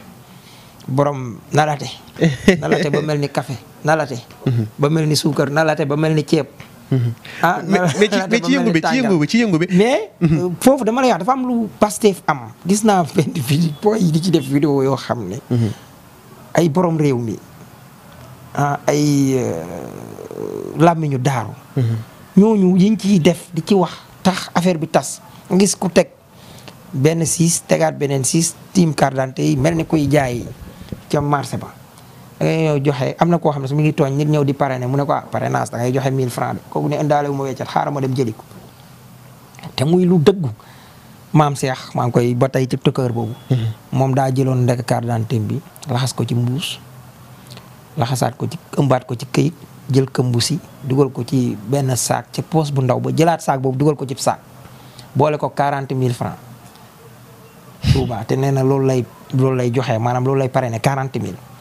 S2: borom nalate. nalate ba mel ni kafe nalate. Mhm. ba mel ni suukar nalate ba mel ni ceeb. ah mais ci yëngu bi ci yëngu ci yëngu bi mais euh, foofu dama lay wax dafa am lu Pastef am gis naa benn vidéo booy yi di ci def vidéo yoo xam ne ay borom réew mi ah ay euh, làmmiñu daaru ñooñu yiñ ciy def di ci wax tax affaire bi tas ngis ku teg benn siis tegaat beneen siis tiim carte d'identité yi mel ni kuy jaay ca marché ba da ngay ñëw joxe am na koo xam ne su mi ngi tooñ nit ñëw di ne mu ne ko ah parrainage da ngay joxe 1000 francs de kooku ne indaale wu weccat xaaral ma dem jëli ko te muy lu dëggu maam Cheikh maa ngi koy ba tey ci tëkkër boobu. Mm-hmm. moom daa jëloon ndek carte bi laxas ko ci mbuus laxasaat ko ci ëmbaat ko ci këyit. jël këmbu si dugal ko ci benn saak ca poos bu ndaw ba jëlaat saak boobu dugal ko ci saak boole ko quarante mille francs Touba te nee na loolu lay loolu lay joxe maanaam loolu lay ne quarante mille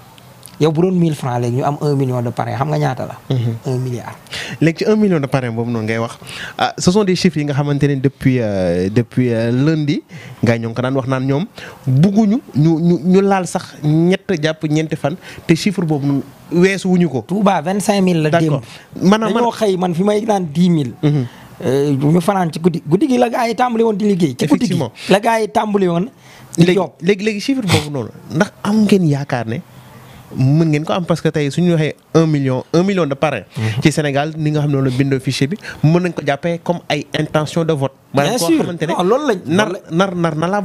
S2: yow bu doon 1000 francs léegi ñu am 1 million de parrain xam nga ñaata la. 1 mhm. milliard.
S1: léegi ci 1 million de parrain boobu noonu ngay wax ah ce sont des chiffres yi nga xamante ne depuis euh, euh, lundi ngay ñoo ngi ko wax naan ñoom bugguñu ñu ñu ñu laal sax
S2: ñett jàpp ñeenti fan te chiffre boobu noonu weesu wuñu ko. Touba mille la démb. maanaam dañoo xëy man fi may naan 10 000. Mhm. Euh, ñu fanaan ci guddi guddi gi la gaa yi tàmbali woon di liggéey. ci guddi gi la gaa yi tàmbali woon. di job léegi léegi chiffre boobu noonu ndax
S1: am ngeen yaakaar ne. mu ngeen ko am parce que tey suñu waxee un million un million de parrain mhm. ci Sénégal ni nga xam ne loolu bindoo fichier bi mën nañ ko jàppee comme ay intention de vote maanaam koo xamante ne loolu lañ nar nar nar na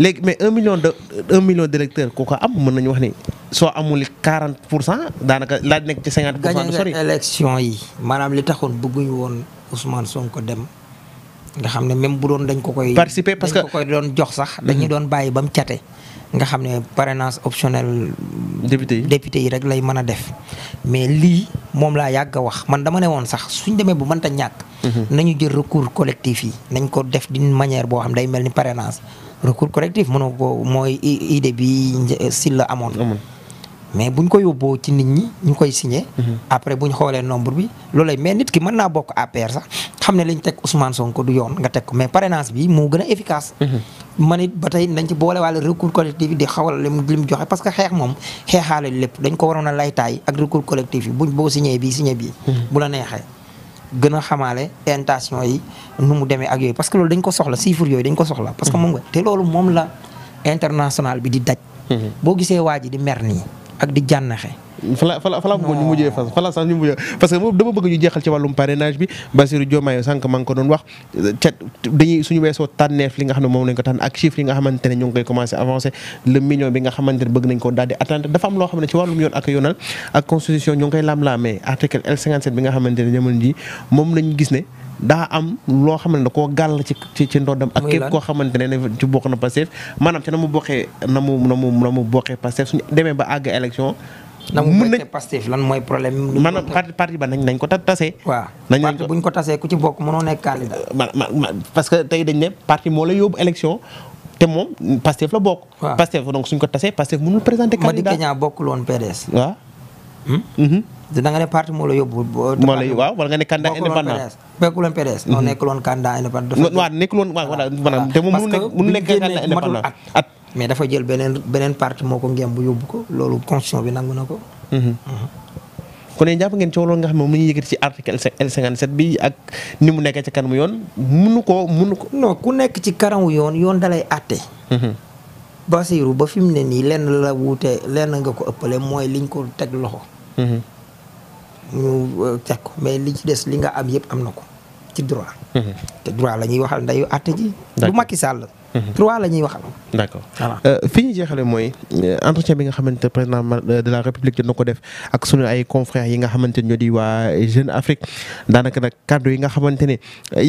S1: léegi mais un million de un million d'électeurs ku ko
S2: am nañu wax soo amul quarante pour cent daanaka laa nekk ci cinquante pour cent du sori élection yi maanaam li taxoon bëgguñu woon Ousmane Sonko dem nga xam ne même bu doon dañ ko koy participer parce que dañ ko koy doon jox sax dañu mhm. doon bàyyi ba mu cate nga xam ne parrainage optionnel. député yi rek lay mën a def. mais lii moom laa yàgg a wax man dama ne woon sax suñ demee bu mënta ñàkk. Mhm. nañu jël recours collective yi nañ ko def d'une manière boo xam ne day mel ni parrainage recours collectif mënoo boo mooy idée bi si la amoon. mais bu buñ ko yóbboo ci nit ñi ñu koy signé. Mhm. après ñu xoolee nombre bi loolay mais nit ki mën naa bokk APR sax xam ne lañ teg Ousmane Sonko du yoon nga teg ko mais parrainage bi moo gën man it ba tey nañ ci boole waale recours collectif yi di xawal li joxe parce que xeex moom xeexaale lépp dañ ko waroon a laytaay ak recours collectif yi buñ boo signé bii signé bii. Hmm. bu la neexee gën a xamaale intention yi nu mu demee ak yooyu parce que loolu ko soxla chiffre dañ ko soxla. parce que hmm. moom nga te moom la international bi di daj. Hmm. boo gisee waa ji di mer nii ak di jànnaxe.
S1: fala fala fala bëggoon ñu mujjee fas fala sax ñu mujjee parce que moom dama bëgg ñu jeexal ci wàllum parrainage bi Bassirou Diomaye sànq maa ngi ko doon wax ca dañuy suñu weesoo tànneef li nga xam ne moom lañ ko tànn ak chiffres yi nga xamante ne ñu ngi koy commencé avancé le million bi nga xamante ne bëgg nañ ko daal di attendre dafa am loo xam ne ci wàllum yoon ak yoonal ak constitution ñu ngi koy laam-laamee article L57 bi nga xamante ne jamono ji moom lañ gis ne daa am loo xam ne da koo gàll ci ci ci ndoddam ak képp koo xamante ne ne ci bokk na Pastef maanaam ci na mu bokkee na mu na mu na mu bokkee
S2: Pastef suñu demee ba àgg élection mun nañ Pastef lan mooy problème bi. maanaam parti parti ba nañ nañ ko tasee. parti buñ ko tasee ku ci bokk mënoo nekk candidat. parce que tey dañ
S1: ne parti moo la yóbbu te moom Pastef la bokk. waaw Pastef donc suñ ko tasee Pastef mënul
S2: présenter. candidat Madické Niang bokkul woon PDS. waaw. Hmm? Mm-hmm. da nga ne parti moo la woon PDS non mm-hmm. nekkul woon candidat indépendant. waaw
S1: nekkul woon waaw voilà maanaam te moom mënul nekk mënul nekk candidat indépendant
S2: at. mais dafa jël beneen beneen parti moo ko ngem bu yóbbu ko loolu constitution bi nangu na ko. Mhm. Mhm. kon jàpp ngeen coow loolu nga xam ne mu ngi ci article ni mu nekkee ci kanamu yoon munu ko munu ko. yoon dalay àtte. Mhm. Basiru ba fi ne nii lenn la wuute lenn nga ko ëppale mooy liñ ko teg loxo. ñu euh, teg ko mais li ci des li nga am yëpp am na ko ci droit. te droit la ñuy waxal ndayu àtte ji. du Macky Sall trois la ñuy waxal. d' accord
S1: euh, fi ñuy jeexale mooy euh, entretien bi nga xamante ne président euh, de la république dina ko def ak sunu ay confrères yi nga xamante ñoo di waa Jeune Afrique daanaka nag kàddu yi nga xamante ne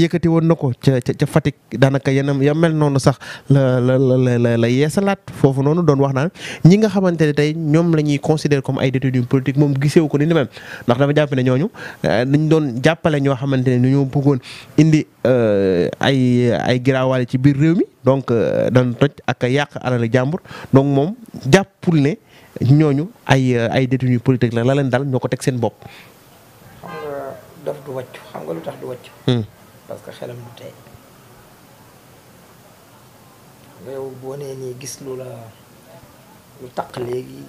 S1: yëkkati woon na ko ca Fatick daanaka yenn ya noonu sax la la la la la yeesalaat foofu noonu doon wax naan ñi nga xamante ne tey ñoom la ñuy considérer comme ay détenus politique moom gisewu ko ni ni mel ndax dama jàpp ne ñooñu doon jàppale ñoo xamante ne ñoo bëggoon indi ay ay giraawaale ci biir réew mi. donc euh, dana toj ak yàq alali jàmbur donc moom jàppul ne ñooñu ay euh, ay détenus politique la la leen dal ñoo ko teg seen bopp.
S2: xam nga daf du wàcc xam nga lu tax du wàcc. Hmm. parce que xelam du tey. yow boo nee gis lu la lu taq léegi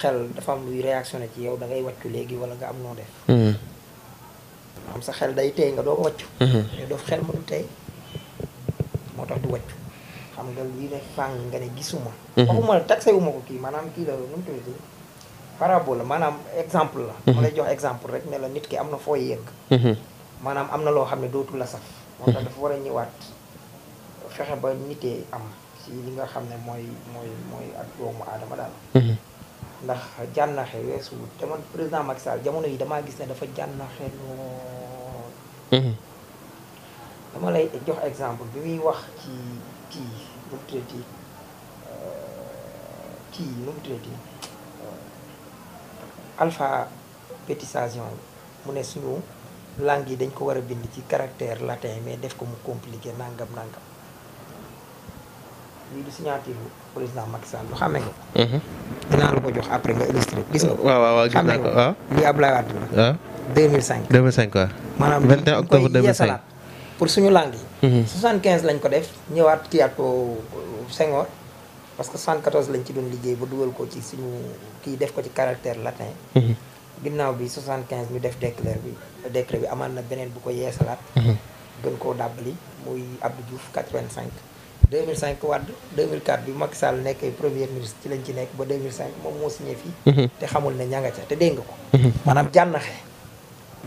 S2: xel dafa am luy réactionné ci yow da ngay wàccu léegi wala nga am noo def. Hmm. am sa xel day tey nga doo ko wàccu. Hmm. mais doof xel mu du tey. moo tax du wàccu xam nga lii la fàng nga ne gisuma mhm. waxuma la taxé ko kii maanaam kii la nu mu tuddati parabole maanaam exemple la ma mhm. lay jox exemple rek ne la nit ki am na foo yëg mhm. maanaam am na loo xam ne dootul la saf moo tax dafa war a ñëwaat fexe ba nitee am si li nga xam ne mooy mooy mooy ak doomu aadama daal ndax jànnaxe weesu te man président Macky Sall jamono yi damaa gis ne dafa jànnaxe lool dama lay jox exemple bi muy wax ci kii nu mu euh, kii nu mu tuddati euh, alphabétisation mu ne suñu langue yi dañ ko war a bind ci caractère latin mais def ko mu compliqué nangam nangam lii du signature président Macky Sall lu xamee nga ko. Mhm. dinaa lu ko jox après nga illustré gis nga. waaw waaw gis naa ko waaw xamee nga lii Abdoulaye Wade la. waaw 2005.
S1: 2005 waaw.
S2: maanaam 21 octobre pour suñu langue yi. 75 mhm. lañ ko def ñëwaat kiyaat ko euh, Senghor parce que 74 lañ ci doon liggéey ba dugal ko ci suñu kii def ko ci caractère latin. Mhm. ginnaaw bi 75 ñu def décret bi décret bi amaat na beneen bu ko yeesalaat. Mhm. gën koo dàbbali muy Abdou Diouf 85. 2005 Wade 2004 bi Macky Sall nekkee premier ministre ci lañ ci nekk ba 2005 moom moo si signé fii. te xamul ne ña nga ca te dégg ko. maanaam jànnaxe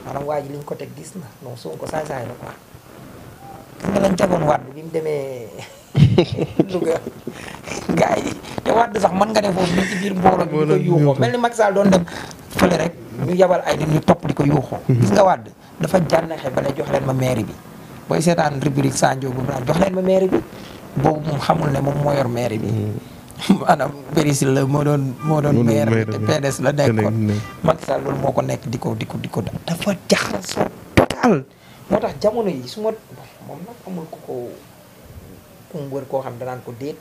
S2: maanaam waa ji liñ ko teg gis na non su ko saay saay gis nga lañ tegoon wàdd bi mu demee Louga gars yi te wàdd sax mën nga ne foofu ni ci biir mbooloo bi di ko yuuxoo mel ni Macky doon dem fële rek ñu yabal ay nit ñu topp di ko yuuxoo mhm. gis nga wàdd dafa jànnaxe ba ne jox leen ma mairie bi booy seetaan rubrique Sandio bu naan jox leen boobu moom xamul ne moom moo yor mairie bi mhm. maanaam Périsile la moo doon moo doon maire te PDS la nekkoon Macky Sall loolu moo ko nekk di ko di ko di ko dafa jaxasoo moo tax jamono yi suma ma moom nag amul ko ko ku koo xam ne danaan ko déet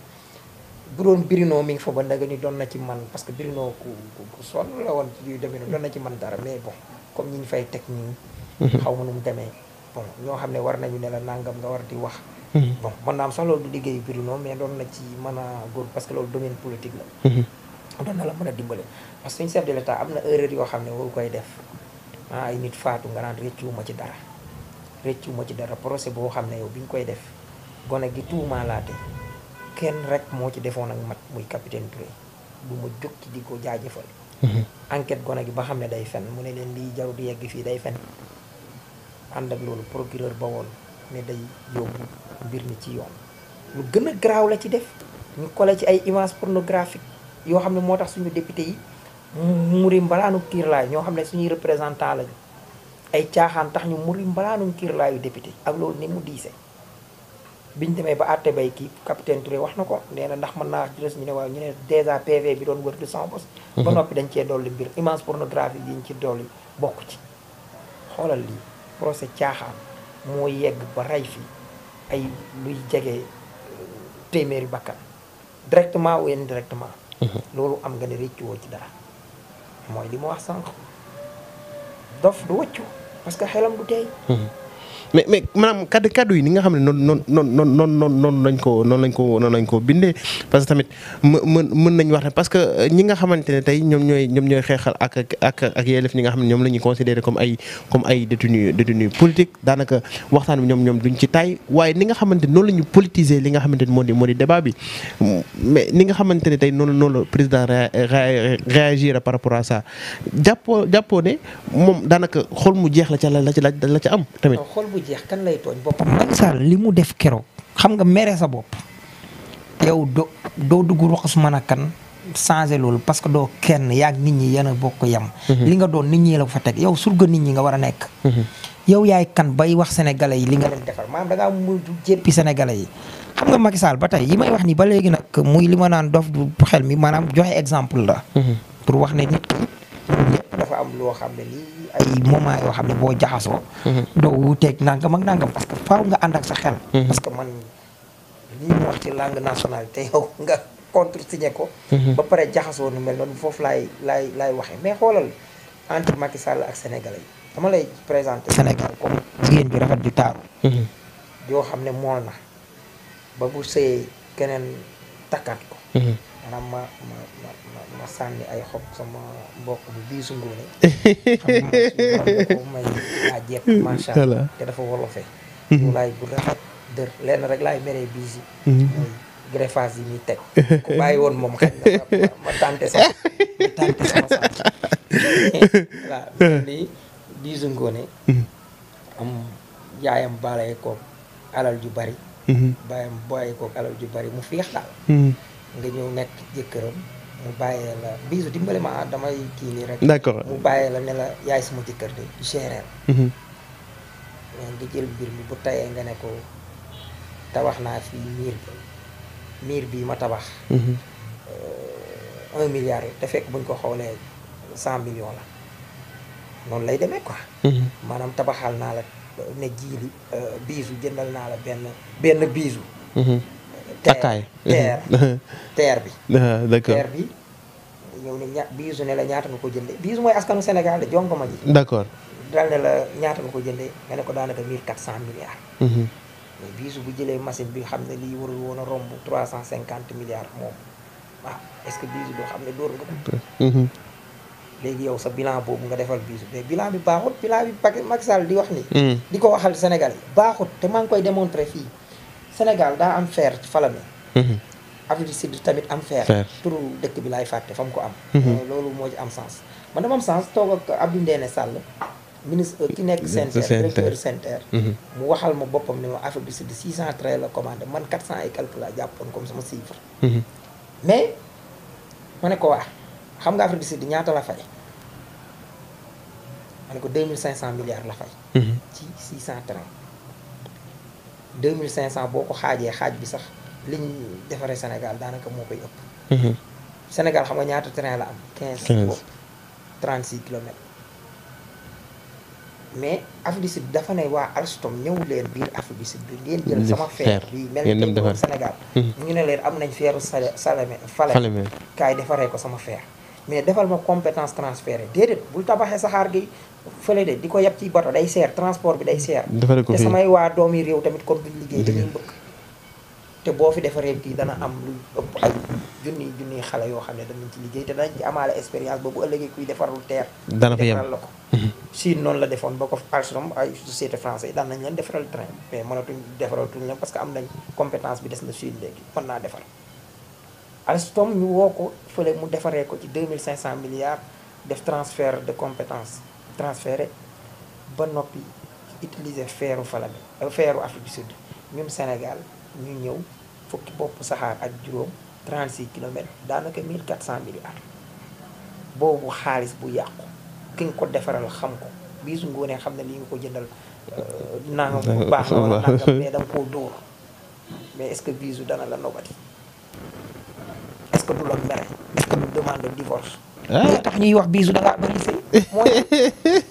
S2: bu doon Bruno mi ngi fa ba ndaga ni doon na ci man parce que Bruno ku ku sonn la woon ci yuy demee doon na ci man dara mais bon comme ñi ñu fay teg nii. Mhm. xaw ma nu mu demee bon ñoo xam ne war nañu ne la nangam nga war di wax. Mhm. bon mën naa am sax loolu du liggéeyu Bruno mais doon na ci mën a góor parce que loolu domaine politique la. Mhm. doon na la mën a dimbale parce que suñu taa am na erreur yoo xam ne waru koy def ah ay nit faatu nga naan réccuwuma ci dara. réccu ma ci dara procès boo xam ne yow bi ñu koy def gone gi tuumaalaate kenn rek moo ci defoon ak mat muy capitaine Touré du ma jóg ci di ko jaajëfal. Mhm. enquête gone gi ba xam ne day fen mu ne leen lii jaru di yegg fii day fen ànd ak loolu procureur ba woon ne day yóbbu mbir mi ci yoon lu gën a garaaw la ci def ñu collé ci ay image pornographique yoo xam ne moo tax suñu député yi muri mbalaanu kiir laay ñoo xam ne suñuy représentant lañu ay caaxaan tax ñu mu muri mbalaanuñ kiirlaayu député ak loolu ni mu diise biñ demee ba àtte bay kii capitaine Touré wax na ko nee na ndax mën naa jëlës ñu ne waaw ñu ne dèjà PV bi doon wër du cent bos mhm. ba noppi dañ cee dolli mbir image pornographie ñu ci dolli bokk ci xoolal lii procès caaxaan moo yegg ba rey fi ay luy jege euh, téeméeri bakkan directement ou indirectement mhm. loolu am nga ne réccuwoo ci dara mooy li ma wax sànq dof du wëccu parce que xelam du tey
S1: mm-hmm. mais mais maanaam kaddu kaddu yi ni nga xam ne noonu noonu noonu noonu noonu lañ ko noonu lañ ko noonu lañ ko bindee parce que tamit më mën mën nañ parce que euh, ñi nga xamante ne tey ñoom ñooy ñoom ñooy xeexal ak ak ak yelef ñi nga xam ne ñoom la ñuy considéré comme ay comme ay détenu détenu politique daanaka waxtaan bi ñoom ñoom duñ ci tay waaye ni nga xamante noonu la ñu politiser li nga xamante ne moo di moo di débat bi mais ni nga xamante ne tey noonu noonu la président réagir par rapport à ça jàppoo jàppoo ne moom daanaka
S2: xol mu jeex la ca la la ca am tamit bu jeex kan lay tooñ li mu def keroog xam nga mere sa bopp. yow doo doo dugg wax su man a kan changé loolu parce que doo kenn yaag nit ñi yenn bokk yem. Mhm. li nga doon nit ñi la ko fa teg yow surga nit ñi nga war a nekk. Mhm. yow yaay kan bay wax sénégalais yi li nga leen defar maanaam da ngaa mu jéppi sénégalais yi. xam nga Macky ba tey yi may wax nii ba léegi nag muy li ma naan dof du xel mi maanaam joxe exemple la. Mhm. pour wax ne nit dafa am loo xam ne lii ay moment yoo xam ne boo jaxasoo. Mhm. doo wuuteeg nangam ak nangam parce que faaw nga ànd ak sa xel. Mhm. parce que man li ñu wax ci langue nationale te yow nga contre signé ko. Mhm. ba pare jaxasoo nu mel noonu foofu laay laay laay waxee mais xoolal entre Macky Sall ak Sénégalais yi dama lay présenter Sénégal comme jigéen bi rafet ju taaru. yoo xam ne mool na ba bu sëyee keneen takkaat ko. ma sànni ay xob sama mbokk bi biisu ngoone xam te dafa wolofe mhm. mu laay bu rafet dër lenn rek mhm. woon moom xaj na ma tànte mhm. bari baayam booyee ko alal ju bari mu fiix daal nga ñëw nekk jëkkëram mu bàyyee la bisu dimbale ma damay kii nii rek. d'accord mu bàyyee la ne la yaay sama jëkkër de gérer. mais mm-hmm. nga jël mbir mi bu tayee nga ne ko tabax naa fii miir bi ma tabax. Mm-hmm. Euh, un milliard te fekk buñ ko xoolee cent millions la noonu lay demee ko mm-hmm. maanaam tabaxal naa la ne jiili euh, bisu jëndal naa la benn benn bisu.
S4: ataay teer bi. Ah, d'accord teer
S2: bi ñëw ne ña biisu ne la ñaata nga ko jëndee biisu mooy askanu Sénégal de jonko ma dal ne la ñaata nga ko jëndee nga ne ko daanaka mille cent milliards. Mm-hmm. biisu bu jëlee machine bi xam ne lii warul woon a romb trois cent cinquante milliards moom waaw est-ce que biisu doo xam ne door nga ko. Mm-hmm. léegi yow sa bilan boobu nga defal biisu mais bilan bi baaxut bilan bi Macky Sall di wax ni. Mm. di ko waxal Sénégal yi baaxut te maa ngi koy démontrer fii. Sénégal daa am fer Falémé mhm. Afrique du Sud tamit am fer turu dëkk bi laay fàtte fa mu ko am mhm. euh, loolu moo ci am sens man dama am sens toog ak Abdou Ndéné Sall ministre euh, ki nekk SENTER directeur SENTER mhm. mu waxal ma boppam ne ma Afrique du Sud six cent train la commandé man quatre cent et quelque la jàppoon comme sama chiffre mais ma ne ko waa xam nga Afrique du ñaata la fay ma ne ko deux mille cent milliards la fay ci six cent train cent boo ko xaajee xaaj bi sax liñ defaree Sénégal daanaka moo koy ëpp. Mhm. Sénégal xam nga ñaata train la am. 15 15 36 kilomètres. mais Afrique du dafa ne waa Alstom ñëw leen biir Afrique du Sud bi ngeen jël sama feer bi mel ni Sénégal. Mhm. ñu ne leen am nañ feeru Salamé Falémé kaay defaree ko sama feer. mais defal ma compétence transférée déedéet bul tabaxee saxaar gi fële de di ko yab ci bato day seer transport bi day seer. te samay waa doomi réew tamit kon duñ liggéey dañuy mbëkk. te boo fi defaree kii dana am lu ëpp ay junniy junniy xale yoo xam ne danañ ci liggéey te danañ ci amaale expérience ba bu ëllëgee kuy defar lu teer. dana fa la ko. Chine mhm. noonu la defoon ba ko Alstom ay société français daan nañ leen defaral train mais parce que am nañ compétence bi des na Chine léegi mën naa defar. Alstom ñu woo ko fële mu defaree ko ci 2500 milliards def transfert de compétence transféré ba noppi utiliser feeru Falémé euh, feeru Afrique du Sud ñun Sénégal ñu ñëw fukki bopp saxaar ak juróom 36 kilomètres daanaka 1400 milliards boobu xaalis bu yàqu ki nga ko defaral xam ko biisu ngoonee xam ne lii nga ko jëndal euh, naa bu baax na wala nangam mais da nga koo dóor mais est-ce que biisu dana la nobati que du loolu mere est-ce que du demande divorce. li ah. tax ñuy wax bisu da ngaa bëri sëy mooy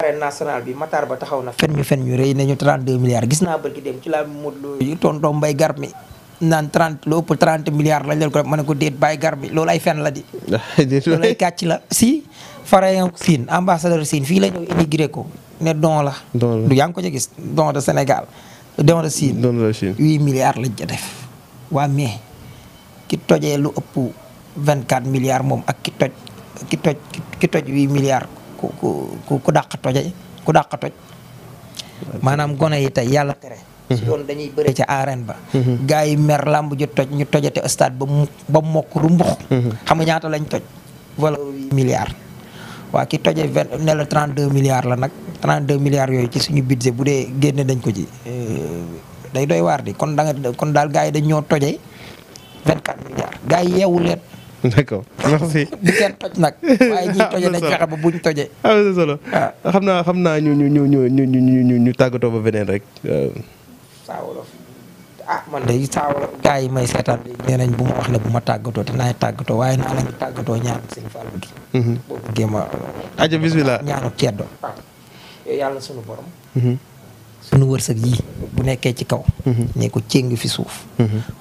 S2: arène nationale na fen Lo tonton Mbaye lañ leen ko ma ne ko déet bàyyi gar mi loolu ay fen la di loolu ay kàcc la si farayon Chine ambassadeur Chine fii la ñëw immigré ko ne don la du yaa ngi ko ca gis don de Sénégal don de Chine 8 milliards lañ ca def waa mais ki tojee lu ëpp 24 milliards moom ak ki toj ki toj ki toj 8 milliards ku ku ku dàq toje ku dàq toj maanaam gone yi tey yàlla tere su doon dañuy bëre ca arène ba gars yi mer làmb ju toj ñu tojate stade ba mu ba mokk rumbux xam nga ñaata lañ toj wala 8 milliards waa ki toje vingt ne la 32 milliards la nag 32 milliards yooyu ci suñu budget bu dee génne dañ ko ci
S4: euh,
S2: day doy waar di kon da kon daal gars yi dañ ñoo toje 24 milliards gars yeewu leen d'accord merci. bu kenn toj nag. waaye ñiy ah. xam naa xam naa ñu
S1: ñu ñu ñu ba beneen rek. Euh.
S2: saa ah, man de saa wolof may seetaan bi nee bu ma wax ne bu tàggatoo waaye tàggatoo ñaanu sëñ Fallou gi. Mm-hmm. boo bëggee ma. aja bismillah ñaanu ah. mm-hmm. bu nekkee ci kaw. Mm-hmm. ne cëng fi suuf.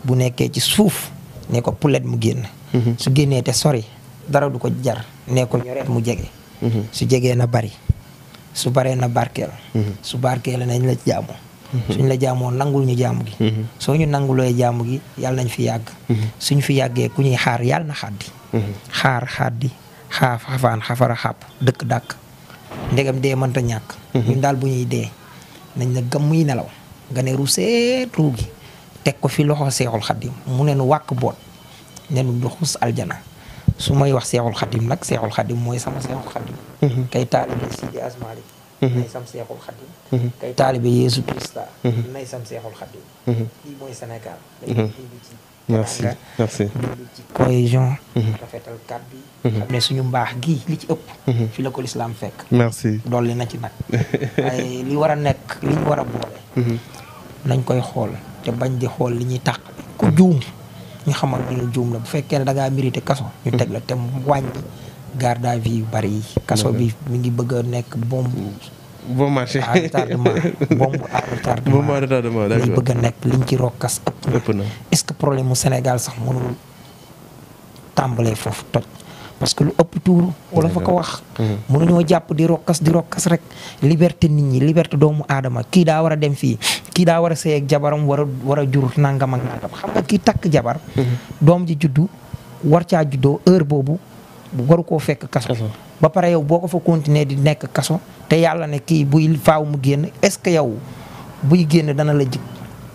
S2: bu nekkee ci suuf. ne ko poulet mu génn. Mm-hmm. su génnee te sori dara du ko jar ne ko ñoreet mu jege. Mm-hmm. su jegee na bari su baree na barkeel. Mm-hmm. su barkeel nañ la jaamu. suñ la jaamoo nangul ñu jaamu gi. soo ñu nanguloo jaamu gi yàlla nañ fi yàgg. suñ fi yàggee ku ñuy xaar yàlla na xaddi. xaar xaddi xafara xàpp dëkk dàkk. ndegam dee mënta ñàkk. ñun daal bu ñuy dee nañ la gëm muy nelaw nga ne ruuseet ruu teg ko fi loxo seexul xadim mu ne nu wàkk boot ne nu du aljana su may wax seexul xadim nag seexul xadim mooy sama seexul xadim mhm. kay taalibe Sidi Asmaali mhm. nay sam seexul xadim mhm. kay taalibe Yeesu Krista nay sam seexul xadim lii mooy Sénégal dañ dund ci bi xam suñu mbaax gii li ci ëpp fi la ko lislaam fekk dolli na ci nag li war a nekk li ñu a boole nañ koy xool te bañ di xool li ñuy tàq ku juum ñu xamal ñu juum la bu fekkee ne dangaa ngaa mérité kaso. ñu teg la te mu wàññi garde à vue yu bari yi. kaso bi mu ngi bëgg a nekk bombe.
S1: bon marché à retardement bombe à a
S2: nekk liñ ci rokkas ëpp na. est-ce que problème mu Sénégal sax mënul tàmbalee foofu toj. parce que lu ëpp tuuru wala fa ko wax. Mhm. mënuñoo jàpp di rokkas di rokkas rek. liberté nit ñi liberté doomu aadama kii daa war a dem fii kii daa war a sëy ak jabaram war a war a jur nangam ak xam nga kii takk jabar. Mhm. doom ji juddu war caa juddoo heure boobu waru koo fekk kaso. ba pare yow boo ko fa continuer di nekk kaso te yàlla ne kii buy faaw mu génn est-ce que yow buy génn dana la jig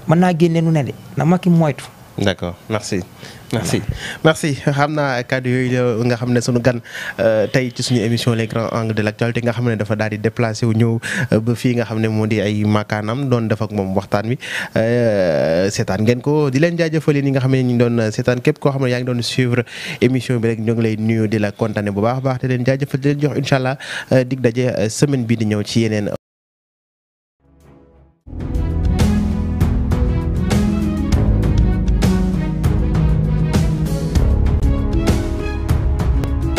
S2: mën naa génne nu ne de na ma ki moytu.
S1: d'accord merci merci xam naa kàddu yooyu nga xam ne sunu gan euh, tey ci suñu émission les grands angles de l'actualité nga xam ne dafa daal di déplacé wu ñëw euh, ba fii nga xam ne moo di ay makaanam doon def moom waxtaan wi euh, seetaan ngeen ko di leen jaajëfal yéen ñi nga xam ne ñu doon seetaan képp koo xam ne yaa ngi doon suivre émission bi rek ñoo lay nuyu di la kontaane bu baax a baax di leen jaajëfal di jox incha allah daje semaine bi di ñëw ci yeneen